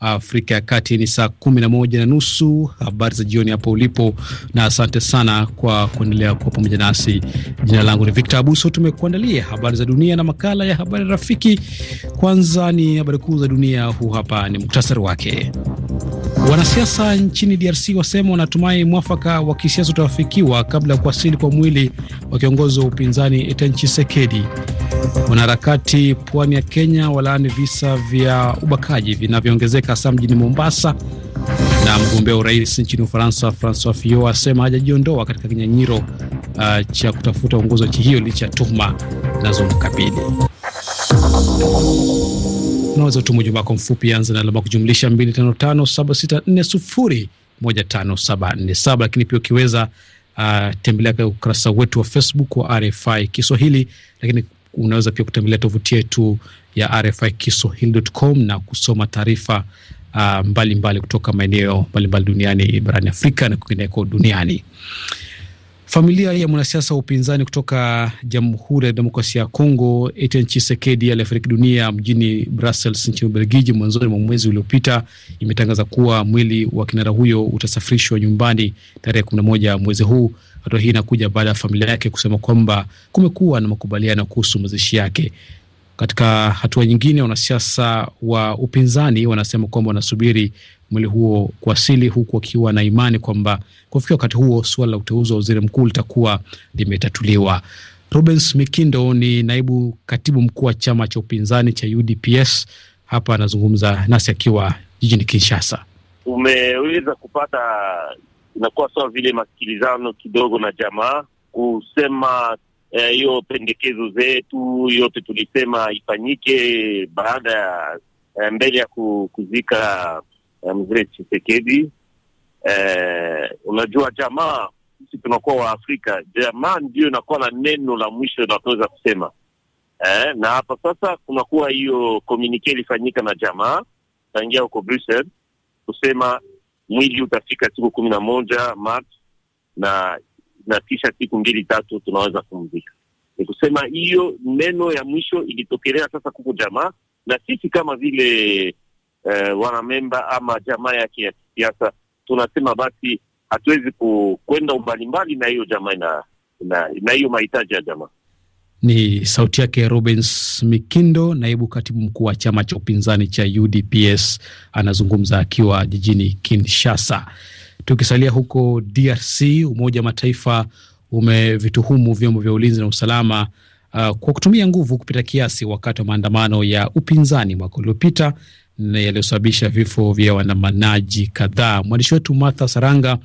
Afrika ya Kati ni saa kumi na moja na nusu. Habari za jioni hapo ulipo, na asante sana kwa kuendelea kuwa pamoja nasi. Jina langu ni Victor Abuso. Tumekuandalia habari za dunia na makala ya habari rafiki. Kwanza ni habari kuu za dunia, huu hapa ni muktasari wake. Wanasiasa nchini DRC wasema wanatumai mwafaka wa kisiasa utafikiwa kabla ya kuwasili kwa mwili wa kiongozi wa upinzani Etienne Tshisekedi. Wanaharakati pwani ya Kenya walaani visa vya ubakaji vinavyoongezeka kufanyika hasa mjini Mombasa. Na mgombea urais nchini Ufaransa Francois Fillon asema hajajiondoa katika kinyanyiro uh, cha kutafuta uongozi wa nchi hiyo licha ya tuhuma zinazomkabili. Unaweza tuma ujumbe wako mfupi, anza na alama kujumlisha 255764015747 lakini pia ukiweza Uh, tembelea ukurasa wetu wa Facebook wa RFI Kiswahili, lakini unaweza pia kutembelea tovuti yetu ya RFI Kiswahili.com na kusoma taarifa uh, mbalimbali kutoka maeneo mbalimbali duniani barani Afrika na kwingineko duniani. Familia ya mwanasiasa wa upinzani kutoka Jamhuri ya Demokrasia ya Kongo Etienne Tshisekedi aliyefariki dunia mjini Brussels nchini Ubelgiji mwanzoni mwa mwezi uliopita imetangaza kuwa mwili wa kinara huyo utasafirishwa nyumbani tarehe 11 mwezi huu Hatua hii inakuja baada ya familia yake kusema kwamba kumekuwa na makubaliano kuhusu mazishi yake. Katika hatua nyingine, wanasiasa wa upinzani wanasema kwamba wanasubiri mwili huo kuwasili, huku wakiwa na imani kwamba kufikia wakati huo suala la uteuzi wa waziri mkuu litakuwa limetatuliwa. Rubens Mikindo ni naibu katibu mkuu wa chama cha upinzani cha UDPS. Hapa anazungumza nasi akiwa jijini Kinshasa. umeweza kupata inakuwa sawa vile masikilizano kidogo na jamaa kusema eh, hiyo eh, pendekezo zetu yote tulisema ifanyike baada ya eh, mbele ya kuzika eh, mzee Chisekedi. Eh, unajua jamaa, sisi tunakuwa wa Afrika, jamaa ndio inakuwa na neno la mwisho inatoweza kusema eh, na hapa sasa kunakuwa hiyo komunike ilifanyika na jamaa tangia huko kusema mwili utafika siku kumi na moja Machi na na kisha siku mbili tatu tunaweza kumzika Ni kusema hiyo neno ya mwisho ilitokelea sasa kuko jamaa na sisi kama vile uh, eh, wanamemba ama jamaa yake ya kisiasa tunasema basi hatuwezi kwenda umbalimbali na hiyo jamaa na hiyo mahitaji ya jamaa. Ni sauti yake Robens Mikindo, naibu katibu mkuu wa chama cha upinzani cha UDPS, anazungumza akiwa jijini Kinshasa. Tukisalia huko DRC, Umoja wa Mataifa umevituhumu vyombo vya ulinzi na usalama uh, kwa kutumia nguvu kupita kiasi wakati wa maandamano ya upinzani mwaka uliopita na yaliyosababisha vifo vya waandamanaji kadhaa. Mwandishi wetu Martha Saranga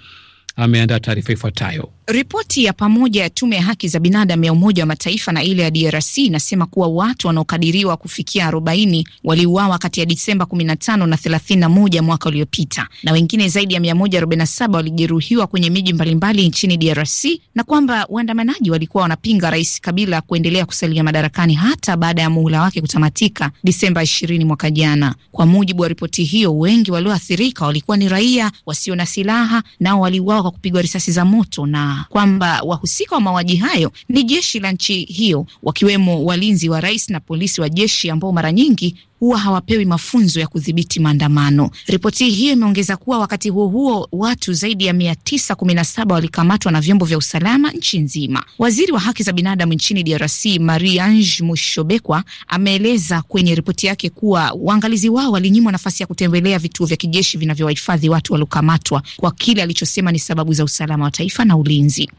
ameandaa taarifa ifuatayo. Ripoti ya pamoja ya tume ya haki za binadamu ya Umoja wa Mataifa na ile ya DRC inasema kuwa watu wanaokadiriwa kufikia 40 waliuawa kati ya Disemba 15 na 31 mwaka uliopita na wengine zaidi ya 147 walijeruhiwa kwenye miji mbalimbali nchini DRC na kwamba waandamanaji walikuwa wanapinga Rais Kabila kuendelea kusalia madarakani hata baada ya muhula wake kutamatika Disemba 20 mwaka jana. Kwa mujibu wa ripoti hiyo, wengi walioathirika walikuwa ni raia wasio na silaha, nao waliuawa kwa kupigwa risasi za moto na kwamba wahusika wa mauaji hayo ni jeshi la nchi hiyo, wakiwemo walinzi wa rais na polisi wa jeshi ambao mara nyingi huwa hawapewi mafunzo ya kudhibiti maandamano. Ripoti hiyo imeongeza kuwa wakati huo huo watu zaidi ya 917 walikamatwa na vyombo vya usalama nchi nzima. Waziri wa haki za binadamu nchini DRC Marie Ange Mushobekwa ameeleza kwenye ripoti yake kuwa waangalizi wao walinyimwa nafasi ya kutembelea vituo vya kijeshi vinavyowahifadhi watu waliokamatwa kwa kile alichosema ni sababu za usalama wa taifa na ulinzi.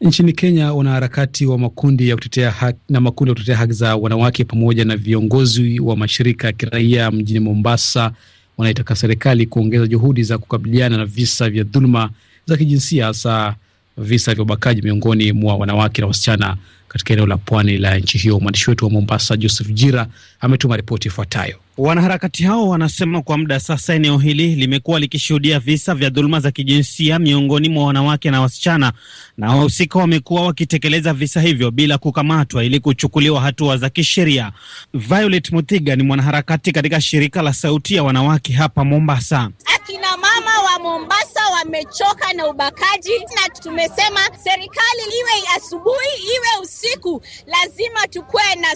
Nchini Kenya, wanaharakati wa makundi ya kutetea haki na makundi ya kutetea haki za wanawake pamoja na viongozi wa mashirika ya kiraia mjini Mombasa wanaitaka serikali kuongeza juhudi za kukabiliana na visa vya dhuluma za kijinsia, hasa visa vya ubakaji miongoni mwa wanawake na wasichana katika eneo la pwani la nchi hiyo. Mwandishi wetu wa Mombasa, Joseph Jira, ametuma ripoti ifuatayo. Wanaharakati hao wanasema kwa muda sasa eneo hili limekuwa likishuhudia visa vya dhuluma za kijinsia miongoni mwa wanawake na wasichana, na wahusika wamekuwa wakitekeleza visa hivyo bila kukamatwa ili kuchukuliwa hatua za kisheria. Violet Mutiga ni mwanaharakati katika shirika la Sauti ya Wanawake hapa Mombasa. Akina mama wa Mombasa wamechoka na ubakaji, na tumesema serikali iwe asubuhi iwe usiku, lazima tukuwe na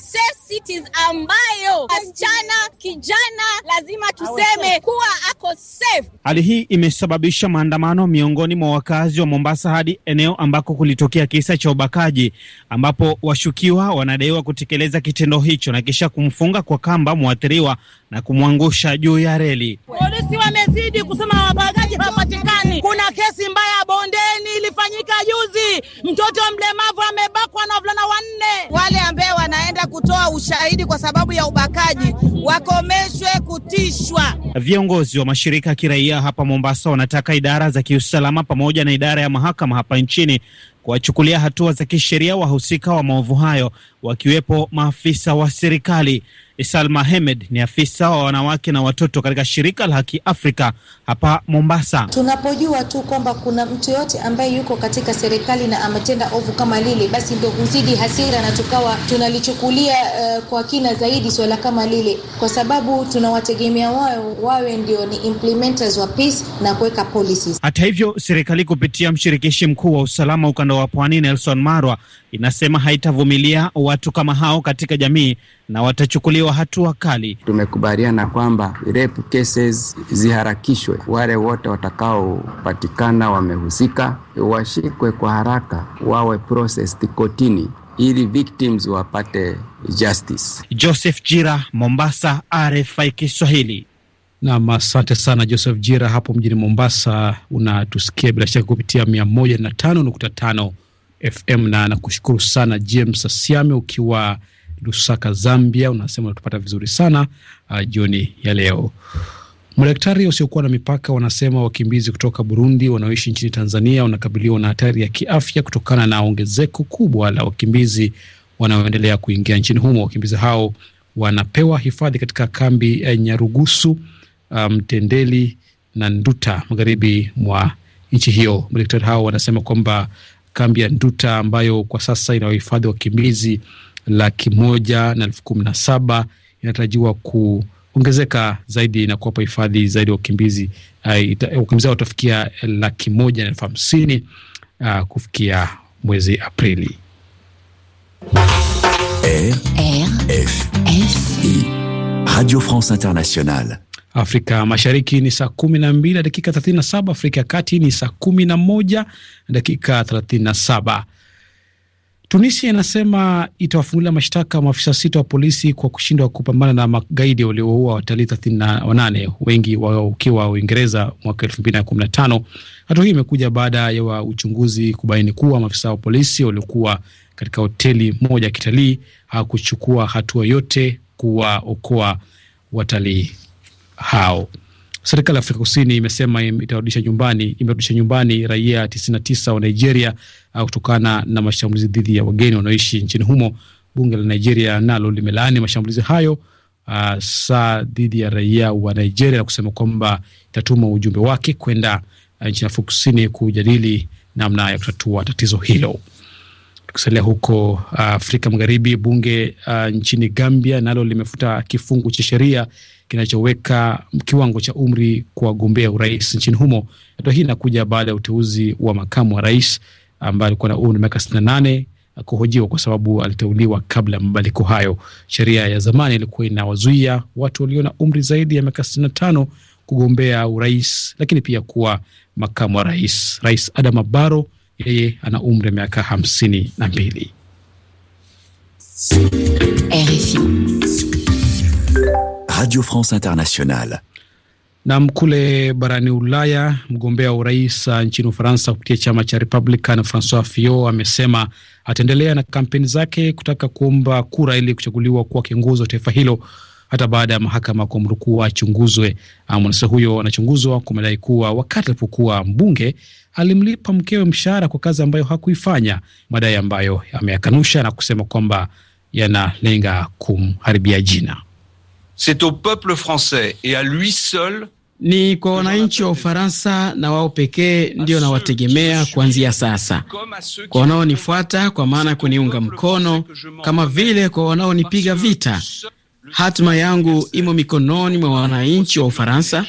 ambayo hayo, wasichana, kijana lazima tuseme kuwa ako safe. Hali hii imesababisha maandamano miongoni mwa wakazi wa Mombasa hadi eneo ambako kulitokea kisa cha ubakaji, ambapo washukiwa wanadaiwa kutekeleza kitendo hicho na kisha kumfunga kwa kamba mwathiriwa na kumwangusha juu ya reli. Polisi wamezidi kusema wabagaji hawapatikani. Kuna kesi mbaya bondeni ilifanyika juzi, mtoto mlemavu amebakwa na wavulana wanne wale ambao wanaenda kutu ushahidi kwa sababu ya ubakaji wakomeshwe kutishwa. Viongozi wa mashirika ya kiraia hapa Mombasa wanataka idara za kiusalama pamoja na idara ya mahakama hapa nchini kuwachukulia hatua za kisheria wahusika wa maovu hayo wakiwepo maafisa wa serikali. Salma Hemed ni afisa wa wanawake na watoto katika shirika la Haki Afrika hapa Mombasa. Tunapojua tu kwamba kuna mtu yote ambaye yuko katika serikali na ametenda ovu kama lile, basi ndio huzidi hasira na tukawa tunalichukulia Eh, kwa kina zaidi swala kama lile, kwa sababu tunawategemea wao wawe ndio ni implementers wa peace na kuweka policies. Hata hivyo, serikali kupitia mshirikishi mkuu wa usalama ukanda wa pwani Nelson Marwa inasema haitavumilia watu kama hao katika jamii na watachukuliwa hatua kali. Tumekubaliana kwamba rape cases ziharakishwe, wale wote watakaopatikana wamehusika washikwe kwa haraka, wawe processed kotini ili victims wapate justice. Joseph Jira, Mombasa, RFI Kiswahili. Nam, asante sana Joseph Jira hapo mjini Mombasa. Unatusikia bila shaka kupitia mia nukta FM na nakushukuru sana James Asiame ukiwa Lusaka, Zambia. Unasema unatupata vizuri sana uh, jioni ya leo. Madaktari wasiokuwa na mipaka wanasema wakimbizi kutoka Burundi wanaoishi nchini Tanzania wanakabiliwa na hatari ya kiafya kutokana na ongezeko kubwa la wakimbizi wanaoendelea kuingia nchini humo. Wakimbizi hao wanapewa hifadhi katika kambi ya Nyarugusu, uh, Mtendeli um, na Nduta magharibi mwa nchi hiyo. Madaktari hao wanasema kwamba kambi ya Nduta ambayo kwa sasa inawahifadhi wakimbizi laki moja na elfu kumi na saba inatarajiwa ku ongezeka zaidi na kuwapa hifadhi zaidi wakimbizi uh, wakimbizi hao watafikia laki moja na elfu hamsini uh, kufikia mwezi Aprili. Radio France Internationale. Afrika Mashariki ni saa kumi na mbili na dakika thelathini na saba. Afrika ya Kati ni saa kumi na moja na dakika thelathini na saba. Tunisia inasema itawafungulia mashtaka maafisa sita wa polisi kwa kushindwa kupambana na magaidi walioua watalii thelathini na wanane, wengi wakiwa Uingereza mwaka elfu mbili na kumi na tano. Hatua hii imekuja baada ya wa uchunguzi kubaini kuwa maafisa wa polisi waliokuwa katika hoteli moja ya kitalii hawakuchukua hatua yote kuwaokoa watalii hao. Serikali ya Afrika Kusini imesema itarudisha nyumbani imerudisha nyumbani raia 99 wa Nigeria uh, kutokana na mashambulizi dhidi ya wageni wanaoishi nchini humo. Bunge la Nigeria nalo limelaani mashambulizi hayo uh, saa dhidi ya raia wa Nigeria na kusema kwamba itatuma ujumbe wake kwenda uh, nchini Afrika Kusini kujadili namna ya kutatua tatizo hilo. Tukisalia huko uh, Afrika Magharibi, bunge uh, nchini Gambia nalo limefuta kifungu cha sheria kinachoweka kiwango cha umri kwa wagombea urais nchini humo. Hatua hii inakuja baada ya uteuzi wa makamu wa rais ambaye alikuwa na umri miaka sitini na nane kuhojiwa kwa sababu aliteuliwa kabla ya mabadiliko hayo. Sheria ya zamani ilikuwa inawazuia watu walio na umri zaidi ya miaka sitini na tano kugombea urais, lakini pia kuwa makamu wa rais. Rais Adama Barrow yeye ana umri wa miaka hamsini na mbili. Radio France Internationale. Nam, kule barani Ulaya, mgombea wa urais uh, nchini Ufaransa kupitia chama cha Republican Francois Fillon amesema ataendelea na kampeni zake kutaka kuomba kura ili kuchaguliwa kuwa kiongozi wa taifa hilo hata baada ya mahakama kumrukuu achunguzwe. Uh, Mwanasiasa huyo anachunguzwa kwa madai kuwa wakati alipokuwa mbunge alimlipa mkewe mshahara kwa kazi ambayo hakuifanya, madai ambayo ameyakanusha na kusema kwamba yanalenga kumharibia jina. C'est au peuple français et à lui seul ni kwa wananchi wa Ufaransa na wao pekee ndio nawategemea kuanzia sasa, kwa wanaonifuata, kwa maana kuniunga mkono, kama vile kwa wanaonipiga vita. Hatima yangu imo mikononi mwa wananchi wa Ufaransa,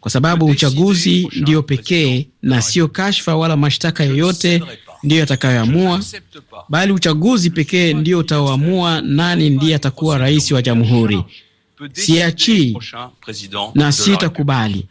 kwa sababu uchaguzi ndio pekee na sio kashfa wala mashtaka yoyote ndiyo yatakayoamua, bali uchaguzi pekee ndio utaoamua nani ndiye atakuwa rais wa jamhuri siachii na sitakubali.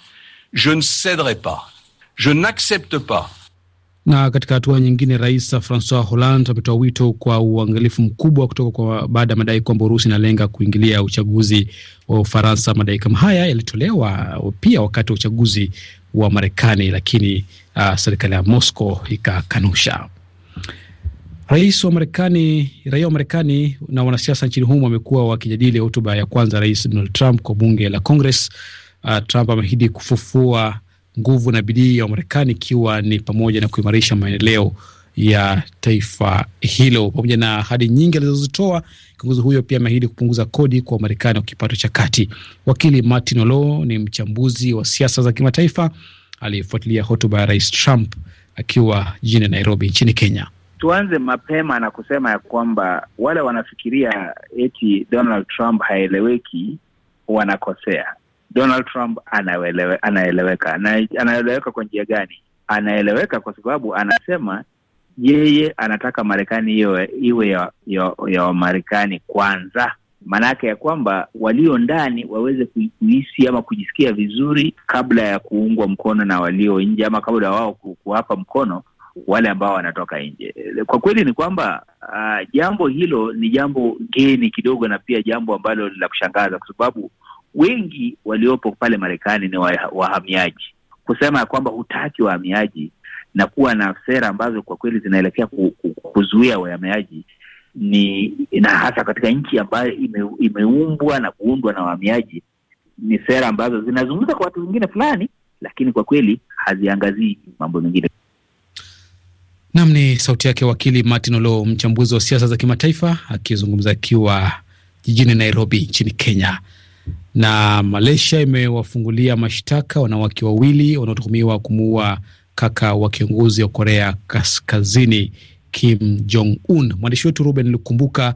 Na katika hatua nyingine, Rais Francois Hollande ametoa wito kwa uangalifu mkubwa kutoka kwa baada ya madai kwamba Urusi inalenga kuingilia uchaguzi wa Ufaransa. Madai kama haya yalitolewa pia wakati wa uchaguzi wa Marekani, lakini uh, serikali ya Moscow ikakanusha. Rais wa Marekani, raia wa Marekani na wanasiasa nchini humo wamekuwa wakijadili hotuba ya kwanza Rais Donald Trump kwa bunge la Congress. Uh, Trump ameahidi kufufua nguvu na bidii ya Wamarekani, ikiwa ni pamoja na kuimarisha maendeleo ya taifa hilo. Pamoja na ahadi nyingi alizozitoa, kiongozi huyo pia ameahidi kupunguza kodi kwa Wamarekani wa kipato cha kati. Wakili Martin Olo ni mchambuzi wa siasa za kimataifa aliyefuatilia hotuba ya Rais Trump akiwa jijini Nairobi nchini Kenya tuanze mapema na kusema ya kwamba wale wanafikiria eti Donald Trump haeleweki wanakosea. Donald Trump anaelewe, anaeleweka. Ana, anaeleweka kwa njia gani? Anaeleweka kwa sababu anasema yeye anataka Marekani iwe, iwe ya, ya, ya Wamarekani kwanza maanaake ya kwamba walio ndani waweze kuhisi ama kujisikia vizuri kabla ya kuungwa mkono na walio nje, ama kabla wao kuwapa mkono wale ambao wanatoka nje. Kwa kweli ni kwamba uh, jambo hilo ni jambo geni kidogo, na pia jambo ambalo la kushangaza, kwa sababu wengi waliopo pale Marekani ni wahamiaji. Kusema ya kwamba hutaki wahamiaji na kuwa na sera ambazo kwa kweli zinaelekea kuzuia wahamiaji ni na hasa katika nchi ambayo ime, imeumbwa na kuundwa na wahamiaji, ni sera ambazo zinazungumza kwa watu wengine fulani, lakini kwa kweli haziangazii mambo mengine. Nam ni sauti yake wakili Martin Olo, mchambuzi wa siasa za kimataifa akizungumza akiwa jijini Nairobi nchini Kenya. Na Malaysia imewafungulia mashtaka wanawake wawili wanaotuhumiwa kumuua kaka wa kiongozi wa Korea Kaskazini Kim Jong Un. Mwandishi wetu Ruben Lukumbuka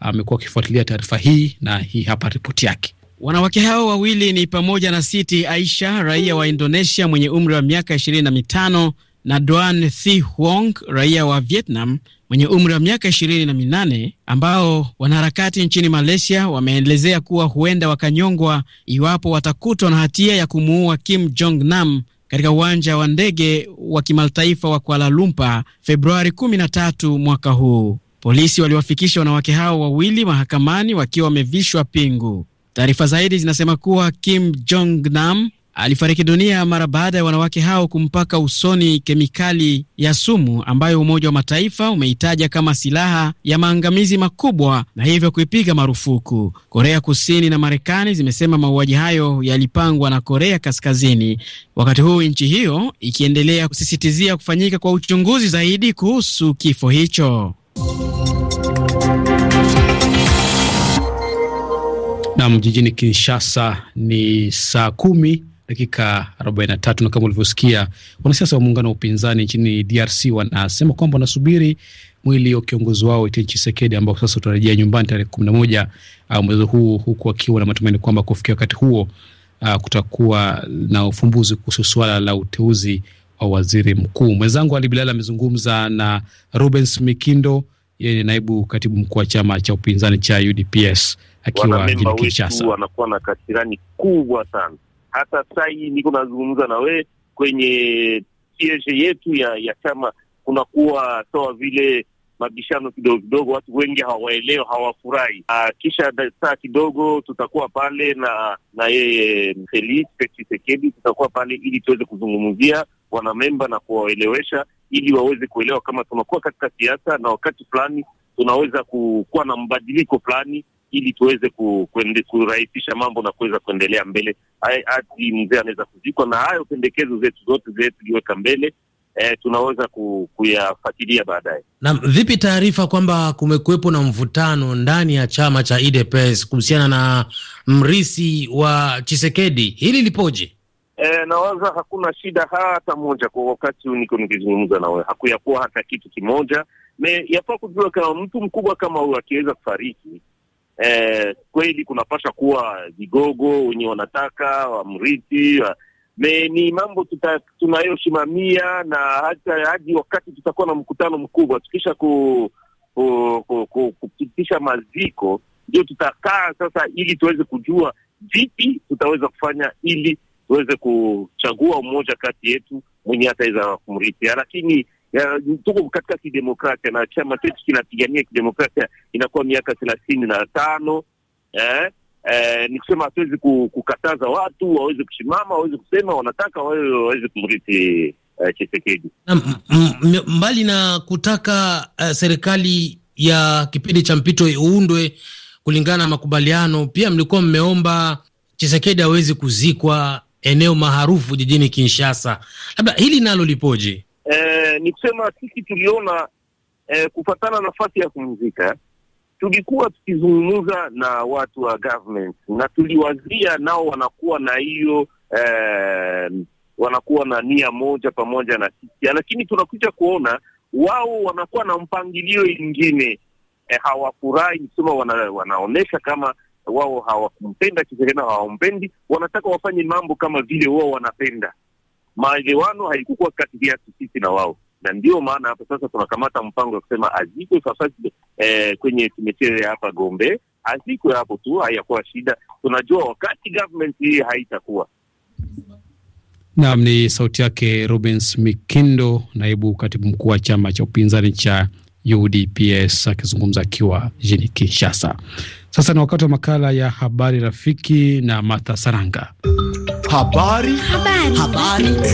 amekuwa akifuatilia taarifa hii na hii hapa ripoti yake. Wanawake hao wawili ni pamoja na Siti Aisha, raia wa Indonesia mwenye umri wa miaka ishirini na mitano na Duan Thi Huong, raia wa Vietnam mwenye umri wa miaka ishirini na minane ambao wanaharakati nchini Malaysia wameelezea kuwa huenda wakanyongwa iwapo watakutwa na hatia ya kumuua Kim Jong Nam katika uwanja wa ndege wa kimataifa wa Kuala Lumpur Februari 13 mwaka huu. Polisi waliwafikisha wanawake hao wawili mahakamani wakiwa wamevishwa pingu. Taarifa zaidi zinasema kuwa Kim Jong Nam alifariki dunia mara baada ya wanawake hao kumpaka usoni kemikali ya sumu ambayo Umoja wa Mataifa umeitaja kama silaha ya maangamizi makubwa na hivyo kuipiga marufuku. Korea Kusini na Marekani zimesema mauaji hayo yalipangwa na Korea Kaskazini, wakati huu nchi hiyo ikiendelea kusisitizia kufanyika kwa uchunguzi zaidi kuhusu kifo hicho. Nam, jijini Kinshasa ni saa kumi dakika 43 na kama ulivyosikia, wanasiasa wa muungano wa upinzani nchini DRC wanasema kwamba wanasubiri mwili wa kiongozi wao Etienne Tshisekedi ambao sasa utarejea nyumbani tarehe kumi na moja ah, mwezi huu, huku akiwa na matumaini kwamba kufikia wakati huo uh, kutakuwa na ufumbuzi kuhusu suala la uteuzi wa waziri mkuu. Mwenzangu Ali Bilal amezungumza na Rubens Mikindo, yeye ni naibu katibu mkuu wa chama cha upinzani cha UDPS akiwa mjini Kinshasa. Wanakuwa na kasirani kubwa sana hata sahii niko nazungumza na wee kwenye siege yetu ya ya chama kunakuwa sawa vile mabishano kidogo kidogo, watu wengi hawaelewa, hawafurahi. Ah, kisha saa kidogo tutakuwa pale na na yeye Felix Tshisekedi, tutakuwa pale ili tuweze kuzungumzia wanamemba na kuwaelewesha, ili waweze kuelewa kama tunakuwa katika siasa na wakati fulani tunaweza kuwa na mbadiliko fulani ili tuweze kurahisisha mambo na kuweza kuendelea mbele hadi mzee anaweza kuzikwa. Na hayo pendekezo zetu zote zile tuliweka mbele eh, tunaweza kuyafatilia baadaye. Na vipi taarifa kwamba kumekuwepo na mvutano ndani ya chama cha edps kuhusiana na mrisi wa Chisekedi, hili lipoje? Eh, nawaza hakuna shida hata moja kwa wakati huu, niko nikizungumza wewe, hakuyakuwa hata kitu kimoja. Yafaa kujua kama mtu mkubwa kama huyu akiweza kufariki eh, kweli kunapasha kuwa vigogo wenye wanataka wamriti wa, me ni mambo tunayosimamia na hata hadi wakati tutakuwa na mkutano mkubwa tukisha ku, ku, ku, ku, kupitisha maziko, ndio tutakaa sasa, ili tuweze kujua vipi tutaweza kufanya ili tuweze kuchagua mmoja kati yetu mwenye hataweza kumrithi, lakini tuko katika kidemokrasia na chama chetu kinapigania kidemokrasia inakuwa miaka thelathini na tano eh? Eh, ni kusema hatuwezi kukataza watu waweze kusimama waweze kusema wanataka wawe waweze kumriti eh, Chisekedi. Mbali na kutaka uh, serikali ya kipindi cha mpito iundwe kulingana na makubaliano, pia mlikuwa mmeomba Chisekedi awezi kuzikwa eneo maarufu jijini Kinshasa, labda hili nalo lipoje? Eh, ni kusema sisi tuliona eh, kufatana nafasi ya kumzika tulikuwa tukizungumza na watu wa government na tuliwazia nao wanakuwa na hiyo eh, wanakuwa na nia moja pamoja na sisi, lakini tunakuja kuona wao wanakuwa na mpangilio ingine eh, hawafurahi kusema wana, wanaonesha kama wao hawakumpenda Chisekedi, hawampendi, wanataka wafanye mambo kama vile wao wanapenda maelewano haikukuwa kati yetu sisi na wao, na ndio maana hapa sasa tunakamata mpango wa kusema azikwe sasa eh, kwenye kimechele hapa Gombe azikwe hapo tu, hayakuwa shida. Tunajua wakati government hii haitakuwa Naam, ni sauti yake Rubens Mikindo, naibu katibu mkuu wa chama cha upinzani cha UDPS akizungumza akiwa jini Kinshasa. Sasa ni wakati wa makala ya habari rafiki na Martha Saranga. Habari. Habari. Habari. Habari.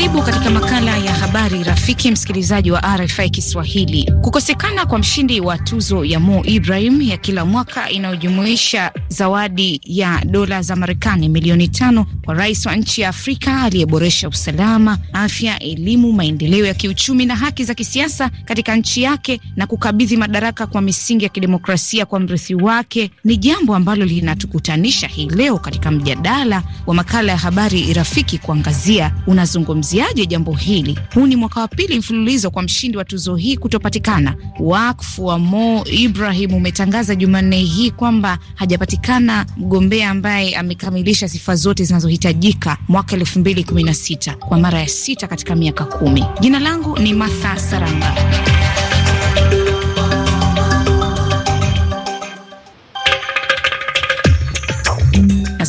Karibu katika makala ya habari rafiki, msikilizaji wa RFI Kiswahili. Kukosekana kwa mshindi wa tuzo ya Mo Ibrahim ya kila mwaka inayojumuisha zawadi ya dola za Marekani milioni tano kwa rais wa nchi ya Afrika aliyeboresha usalama, afya, elimu, maendeleo ya kiuchumi na haki za kisiasa katika nchi yake na kukabidhi madaraka kwa misingi ya kidemokrasia kwa mrithi wake ni jambo ambalo linatukutanisha hii leo katika mjadala wa makala ya habari rafiki kuangazia unazungumzia mnazungumziaje jambo hili? Huu ni mwaka wa pili mfululizo kwa mshindi wa tuzo hii kutopatikana. Wakfu wa Mo Ibrahim umetangaza Jumanne hii kwamba hajapatikana mgombea ambaye amekamilisha sifa zote zinazohitajika mwaka sita kwa mara ya sita katika miaka kumi. Jina langu ni Martha Saranga.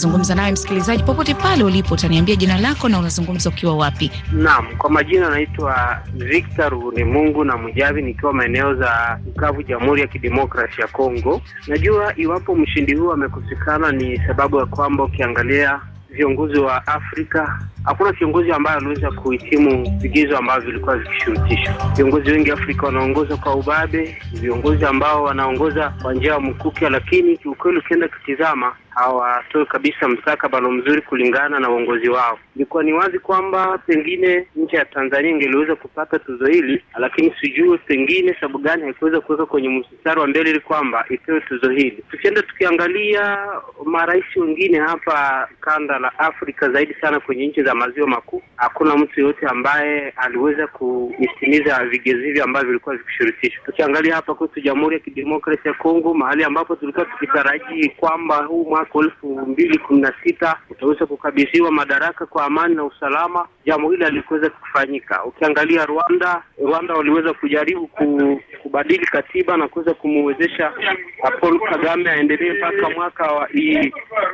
nazungumza naye msikilizaji, popote pale ulipo, utaniambia jina lako na unazungumza ukiwa wapi? Naam, kwa majina anaitwa Victor Ruhuni Mungu na Mjavi, nikiwa maeneo za Bukavu, Jamhuri ya Kidemokrasi ya Kongo. Najua iwapo mshindi huu amekosekana ni sababu ya kwamba ukiangalia viongozi wa Afrika hakuna kiongozi ambaye anaweza kuhitimu vigezo ambavyo vilikuwa vikishurutishwa. Viongozi wengi Afrika wanaongoza kwa ubabe, viongozi ambao wanaongoza kwa njia ya mkuki, lakini kiukweli ukienda kutizama hawatoe kabisa mstakabali mzuri kulingana na uongozi wao. Ilikuwa ni wazi kwamba pengine nchi ya Tanzania ingeliweza kupata tuzo hili, lakini sijui pengine sababu gani haikuweza kuweka kwenye mstari wa mbele ili kwamba ipewe tuzo hili. Tukienda tukiangalia marais wengine hapa kanda la Afrika, zaidi sana kwenye nchi za za maziwa makuu, hakuna mtu yoyote ambaye aliweza kuitimiza vigezo hivyo ambavyo vilikuwa vikishurutishwa. Tukiangalia hapa kwetu Jamhuri ya Kidemokrasia ya Kongo, mahali ambapo tulikuwa tukitarajii kwamba huu mwaka elfu mbili kumi na sita utaweza kukabidhiwa madaraka kwa amani na usalama, jambo hili halikuweza kufanyika. Ukiangalia Rwanda, Rwanda waliweza kujaribu ku kubadili katiba na kuweza kumwezesha Paul Kagame aendelee mpaka mwaka wa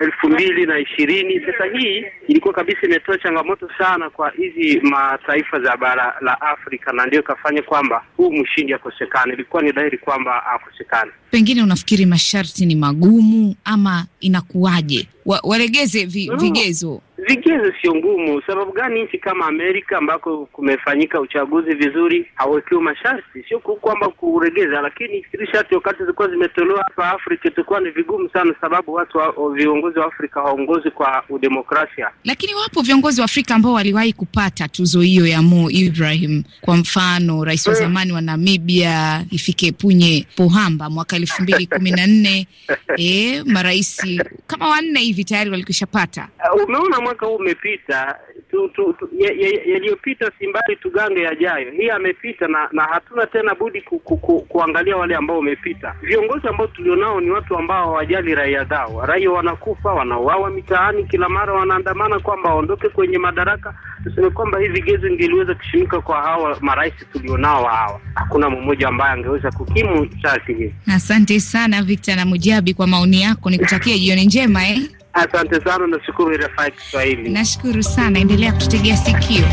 elfu mbili na ishirini. Sasa hii ilikuwa kabisa imetoa changamoto sana kwa hizi mataifa za bara la Afrika, na ndio ikafanya kwamba huu mshindi akosekane. Ilikuwa ni dhahiri kwamba akosekane. Pengine unafikiri masharti ni magumu ama inakuwaje? Wa, walegeze vi, vigezo Vigezo sio ngumu. Sababu gani nchi kama Amerika ambako kumefanyika uchaguzi vizuri hawekiwa masharti? Sio kwamba kuregeza, lakini fikiri sharti wakati zilikuwa zimetolewa hapa Afrika itakuwa ni vigumu sana, sababu watu wa, viongozi wa Afrika hawaongozi kwa udemokrasia. Lakini wapo viongozi wa Afrika ambao waliwahi kupata tuzo hiyo ya Mo Ibrahim, kwa mfano rais wa hmm. zamani wa Namibia Hifikepunye Pohamba mwaka elfu mbili kumi na nne. Eh, marais kama wanne hivi tayari walikwishapata. Uh, umeona mwaka huu umepita, yaliyopita simbali tugange yajayo. Hii amepita na, na hatuna tena budi ku, ku, ku, kuangalia wale ambao wamepita. Viongozi ambao tulionao ni watu ambao hawajali raia zao, raia wanakufa, wanauawa mitaani, kila mara wanaandamana kwamba waondoke kwenye madaraka. Tuseme kwamba hivi gezi ngiliweza kushimika kwa hawa marais tulionao hawa, hakuna mmoja ambaye angeweza kukimu sharti hii. Asante sana Victor na Mujabi kwa maoni yako, nikutakia jioni njema eh. Asante sana, nashukuru RFI Kiswahili. Nashukuru sana, endelea kututegea sikio.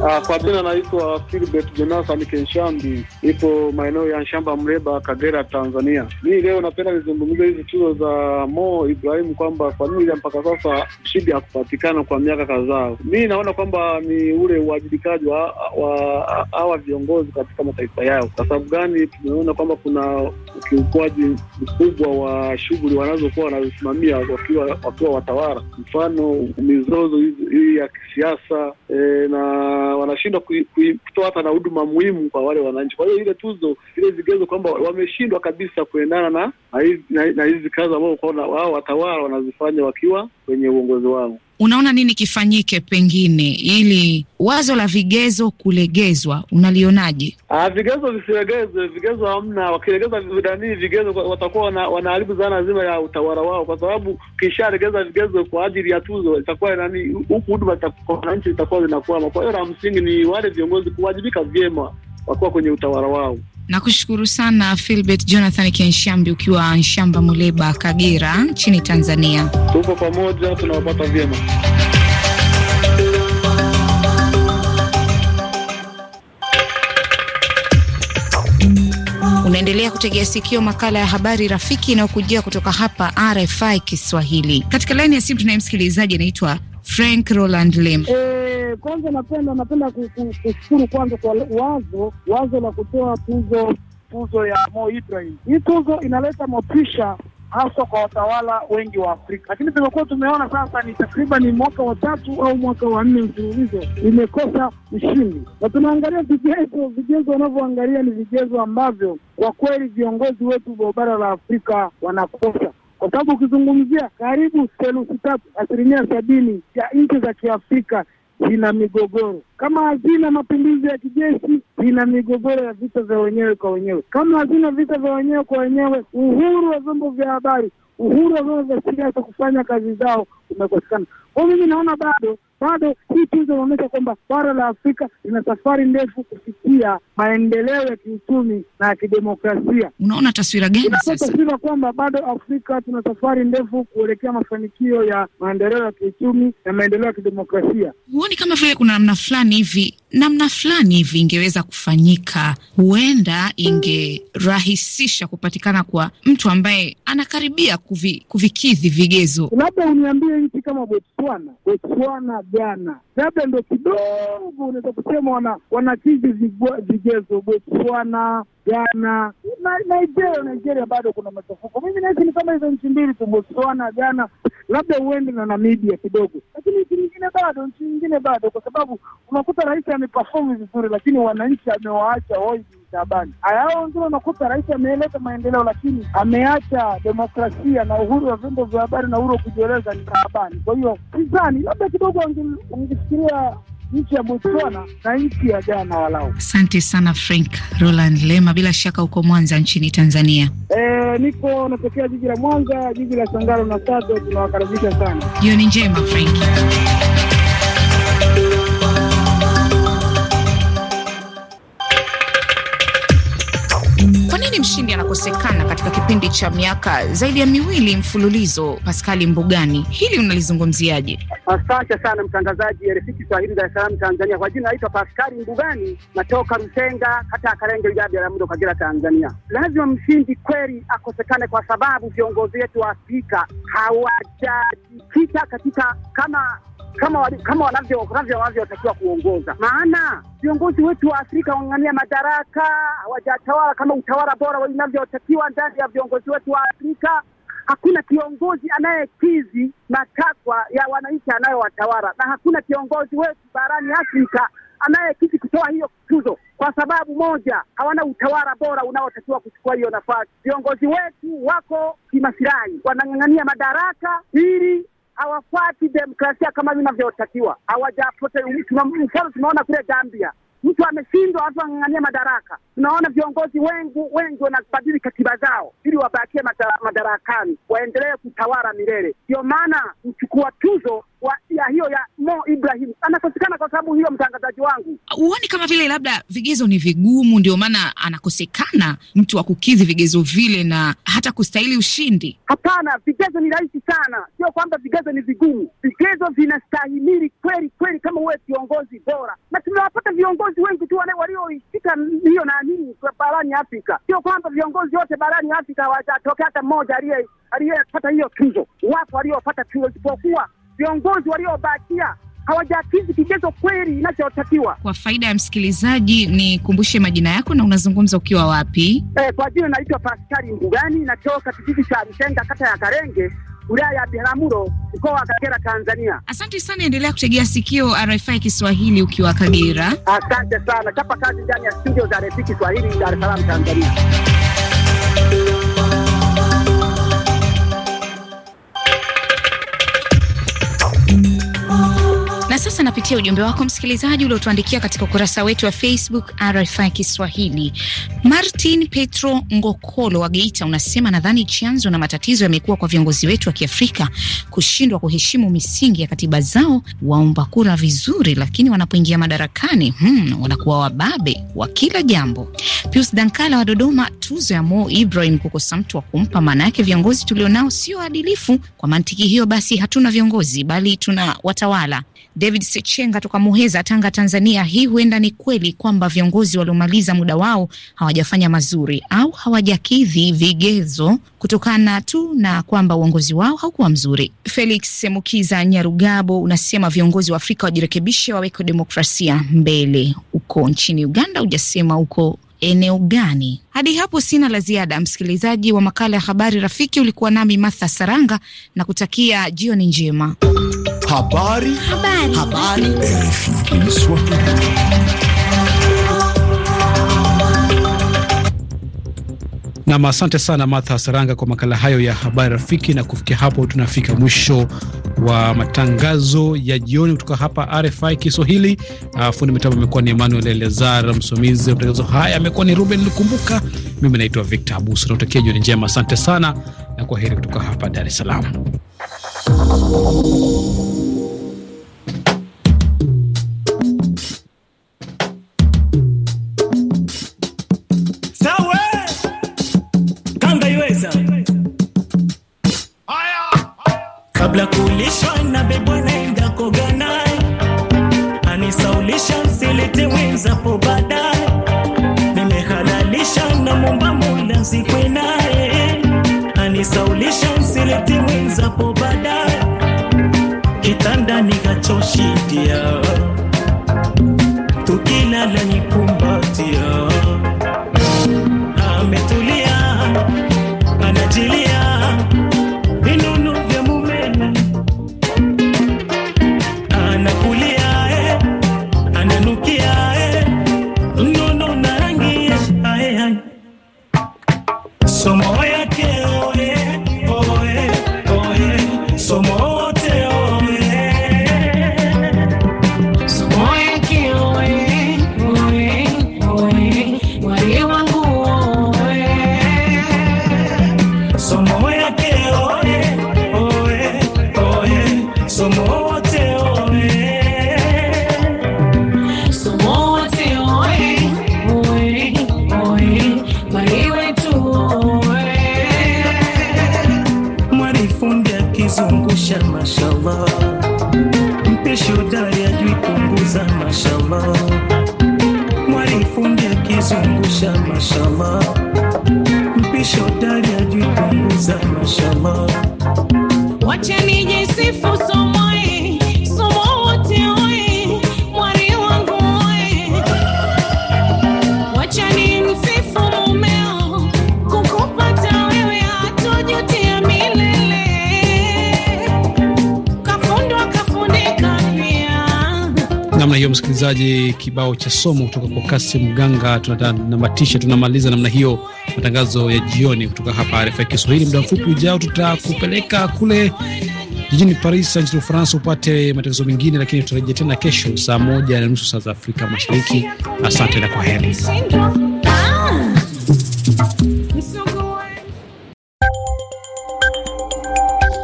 Uh, kwa jina naitwa Philbert Jonathan Kenshambi, ipo maeneo ya Nshamba Mreba, Kagera, Tanzania. Mimi leo napenda nizungumzie hizi tuzo za Mo Ibrahim kwamba kwa nini mpaka sasa mshindi hakupatikana kwa miaka kadhaa. Mimi naona kwamba ni ule uwajibikaji wa hawa viongozi katika mataifa yao. Kwa sababu gani? Tumeona kwamba kuna ukiukwaji mkubwa wa shughuli wanazokuwa wanazisimamia wakiwa, wakiwa watawala, mfano mizozo hii ya kisiasa e, na wanashindwa kutoa hata na huduma muhimu kwa wale wananchi. Kwa hiyo ile tuzo, ile vigezo kwamba wameshindwa kabisa kuendana na na hizi kazi ambao wao watawala wanazifanya wakiwa kwenye uongozi wao unaona nini kifanyike pengine ili wazo la vigezo kulegezwa unalionaje? Ah, vigezo visilegezwe. Vigezo hamna, wakilegeza vidanii vigezo watakuwa wana, wanaharibu zana zima ya utawala wao, kwa sababu ukishalegeza vigezo kwa ajili ya tuzo itakuwa nani, huku huduma kwa wananchi zitakuwa zinakwama. Kwa hiyo la msingi ni wale viongozi kuwajibika vyema wakiwa kwenye utawala wao. Nakushukuru sana Philbert Jonathan Kenshambi, ukiwa Nshamba, Muleba, Kagera nchini Tanzania. Tuko pamoja, tunawapata vyema. Unaendelea kutegea sikio makala ya habari rafiki inayokujia kutoka hapa RFI Kiswahili. Katika laini ya simu tunaye msikilizaji anaitwa Frank Roland Lem. Eh, kwanza napenda napenda kushukuru kwanza kwa wazo wazo la kutoa tuzo tuzo ya Mo Ibrahim. Hii tuzo inaleta motisha haswa kwa watawala wengi wa Afrika, lakini tumekuwa tumeona sasa ni takriban mwaka wa tatu au mwaka wa nne mfululizo imekosa mshindi, na tunaangalia vigezo vigezo wanavyoangalia ni vigezo ambavyo kwa kweli viongozi wetu wa bara la Afrika wanakosa kwa sababu ukizungumzia karibu theluthi tatu asilimia sabini ya nchi za Kiafrika zina migogoro. Kama hazina mapinduzi ya kijeshi, zina migogoro ya vita vya wenyewe kwa wenyewe. Kama hazina vita vya wenyewe kwa wenyewe, uhuru wa vyombo vya habari, uhuru wa vyombo vya siasa kufanya kazi zao imekosekana Kwa mimi naona bado bado hii tuzo inaonyesha kwamba bara la Afrika lina safari ndefu kufikia maendeleo ya kiuchumi na ya kidemokrasia. Unaona taswira gani sasa? Taswira kwamba bado Afrika tuna safari ndefu kuelekea mafanikio ya maendeleo ya kiuchumi na maendeleo ya kidemokrasia. Huoni kama vile kuna namna fulani hivi, namna fulani hivi ingeweza kufanyika, huenda ingerahisisha kupatikana kwa mtu ambaye anakaribia kuvi, kuvikidhi vigezo? Labda uniambie nchi kama Botswana, Botswana, gana labda ndo kidogo unaweza kusema wana wanakidhi vigezo Botswana, Ghana na Nigeria. Nigeria bado kuna machafuko. Mimi nahisi ni kama hizo nchi mbili tu, Botswana, Ghana, labda uende na Namibia kidogo, lakini nchi nyingine bado, nchi nyingine bado, kwa sababu unakuta rais ameperform vizuri, lakini wananchi amewaacha hoi Shabani. Hao ndio unakuta rais ameeleza maendeleo, lakini ameacha demokrasia na uhuru wa vyombo vya habari na uhuru wa kujieleza ni Shabani. Kwa hiyo sidhani, labda kidogo angefikiria nchi ya Botswana na nchi ya Ghana walau. Asante sana Frank Roland Lema, bila shaka uko Mwanza nchini Tanzania. E, niko natokea jiji la Mwanza, jiji la Sangaro na Sato. Tunawakaribisha sana, jioni njema Frank. ni mshindi anakosekana katika kipindi cha miaka zaidi ya miwili mfululizo. Paskali Mbugani, hili unalizungumziaje? Asante sana mtangazaji Rafiki Swahili, Dar es Salaam, Tanzania. Kwa jina naitwa Paskali Mbugani, natoka Rusenga, kata ya Karenge, wilaya ya Biharamulo, Kagera, Tanzania. Lazima mshindi kweli akosekane, kwa sababu viongozi wetu wa Afrika hawajajikita katika kama kama kama wanavyo wanavyotakiwa kuongoza, maana viongozi wetu wa Afrika wang'ang'ania madaraka, hawajatawala kama utawala bora unavyotakiwa ndani ya viongozi wetu wa Afrika. Hakuna kiongozi anayekizi matakwa ya wananchi anayowatawala, na hakuna kiongozi wetu barani Afrika anayekizi kutoa hiyo tuzo, kwa sababu moja, hawana utawala bora unaotakiwa kuchukua hiyo nafasi. Viongozi wetu wako kimasirahi wanang'ang'ania madaraka ili hawafuati demokrasia kama inavyotakiwa, hawajapote. Mfano tumeona kule Gambia, mtu ameshindwa, watu wang'ang'ania madaraka. Tunaona viongozi wengi wengi wanabadili katiba zao ili wabakie madarakani, waendelee kutawala milele. Ndio maana mchukua tuzo wa, ya hiyo ya Mo Ibrahim anakosekana kwa sababu hiyo, mtangazaji wangu. Huoni kama vile labda vigezo ni vigumu, ndio maana anakosekana mtu wa kukidhi vigezo vile na hata kustahili ushindi? Hapana, vigezo ni rahisi sana, sio kwamba vigezo ni vigumu. Vigezo vinastahimili kweli kweli, kama uwe kiongozi bora, na tumewapata viongozi wengi tu wale walioishika hiyo nanii barani Afrika. Sio kwamba viongozi wote barani Afrika hawajatokea hata mmoja aliyepata hiyo tuzo, wapo waliopata tuzo isipokuwa viongozi waliobakia hawajakizi kigezo kweli inachotakiwa. Kwa faida ya msikilizaji, nikumbushe majina yako na unazungumza ukiwa wapi? E, kwa jina naitwa Paskari Mbugani, natoka kijiji cha Mtenga, kata ya Karenge, wilaya ya Biharamulo, mkoa wa Kagera, Tanzania. Asante sana, endelea kutegea sikio RFI Kiswahili ukiwa Kagera. Asante sana, chapa kazi ndani ya studio za RFI Kiswahili, Dar es Salaam, Tanzania. sasa napitia ujumbe wako msikilizaji uliotuandikia katika ukurasa wetu wa Facebook RFI Kiswahili. Martin Petro Ngokolo wa Geita unasema, nadhani chanzo na matatizo yamekuwa kwa viongozi wetu wa Kiafrika kushindwa kuheshimu misingi ya katiba zao. Waomba kura vizuri, lakini wanapoingia madarakani hmm, wanakuwa wababe wa kila jambo. Pius Dankala wa Dodoma, tuzo ya Mo Ibrahim kukosa mtu wa kumpa, maana yake viongozi tulionao sio waadilifu. Kwa mantiki hiyo basi hatuna viongozi, bali tuna watawala. David Sechenga toka Muheza, Tanga, Tanzania. Hii huenda ni kweli kwamba viongozi waliomaliza muda wao hawajafanya mazuri au hawajakidhi vigezo kutokana tu na kwamba uongozi wao haukuwa mzuri. Felix Semukiza Nyarugabo unasema viongozi wa Afrika wajirekebishe, waweke demokrasia mbele. Uko nchini Uganda ujasema uko eneo gani? Hadi hapo sina la ziada, msikilizaji wa makala ya habari rafiki. Ulikuwa nami Martha Saranga na kutakia jioni njema. habari. Habari. Habari. Habari. Nam, asante sana Martha Saranga kwa makala hayo ya habari rafiki. Na kufikia hapo, tunafika mwisho wa matangazo ya jioni kutoka hapa RFI Kiswahili. Uh, fundi mitambo amekuwa ni Emmanuel Elezar, msimamizi wa matangazo haya amekuwa ni Ruben Likumbuka, mimi naitwa Victor Abuso. Nautakia jioni njema, asante sana na kwa heri kutoka hapa Dar es Salaam. kabla kulishwa na bebwa na inda koganaye anisaulisha msilete po baadaye nimehalalisha na mumba mula zikwe naye anisaulisha msilete po baadaye kitanda nikachoshidia tukilala nikumbatia ametulia anajilia msikilizaji, kibao cha somo kutoka kwa Kasim Ganga. Tunatamatisha, tunamaliza namna hiyo matangazo ya jioni kutoka hapa RFI Kiswahili. Muda mfupi ujao, tutakupeleka kule jijini Paris nchini Ufaransa upate matangazo mengine, lakini tutarejia tena kesho saa moja na nusu saa za Afrika Mashariki. Asante na kwa heri.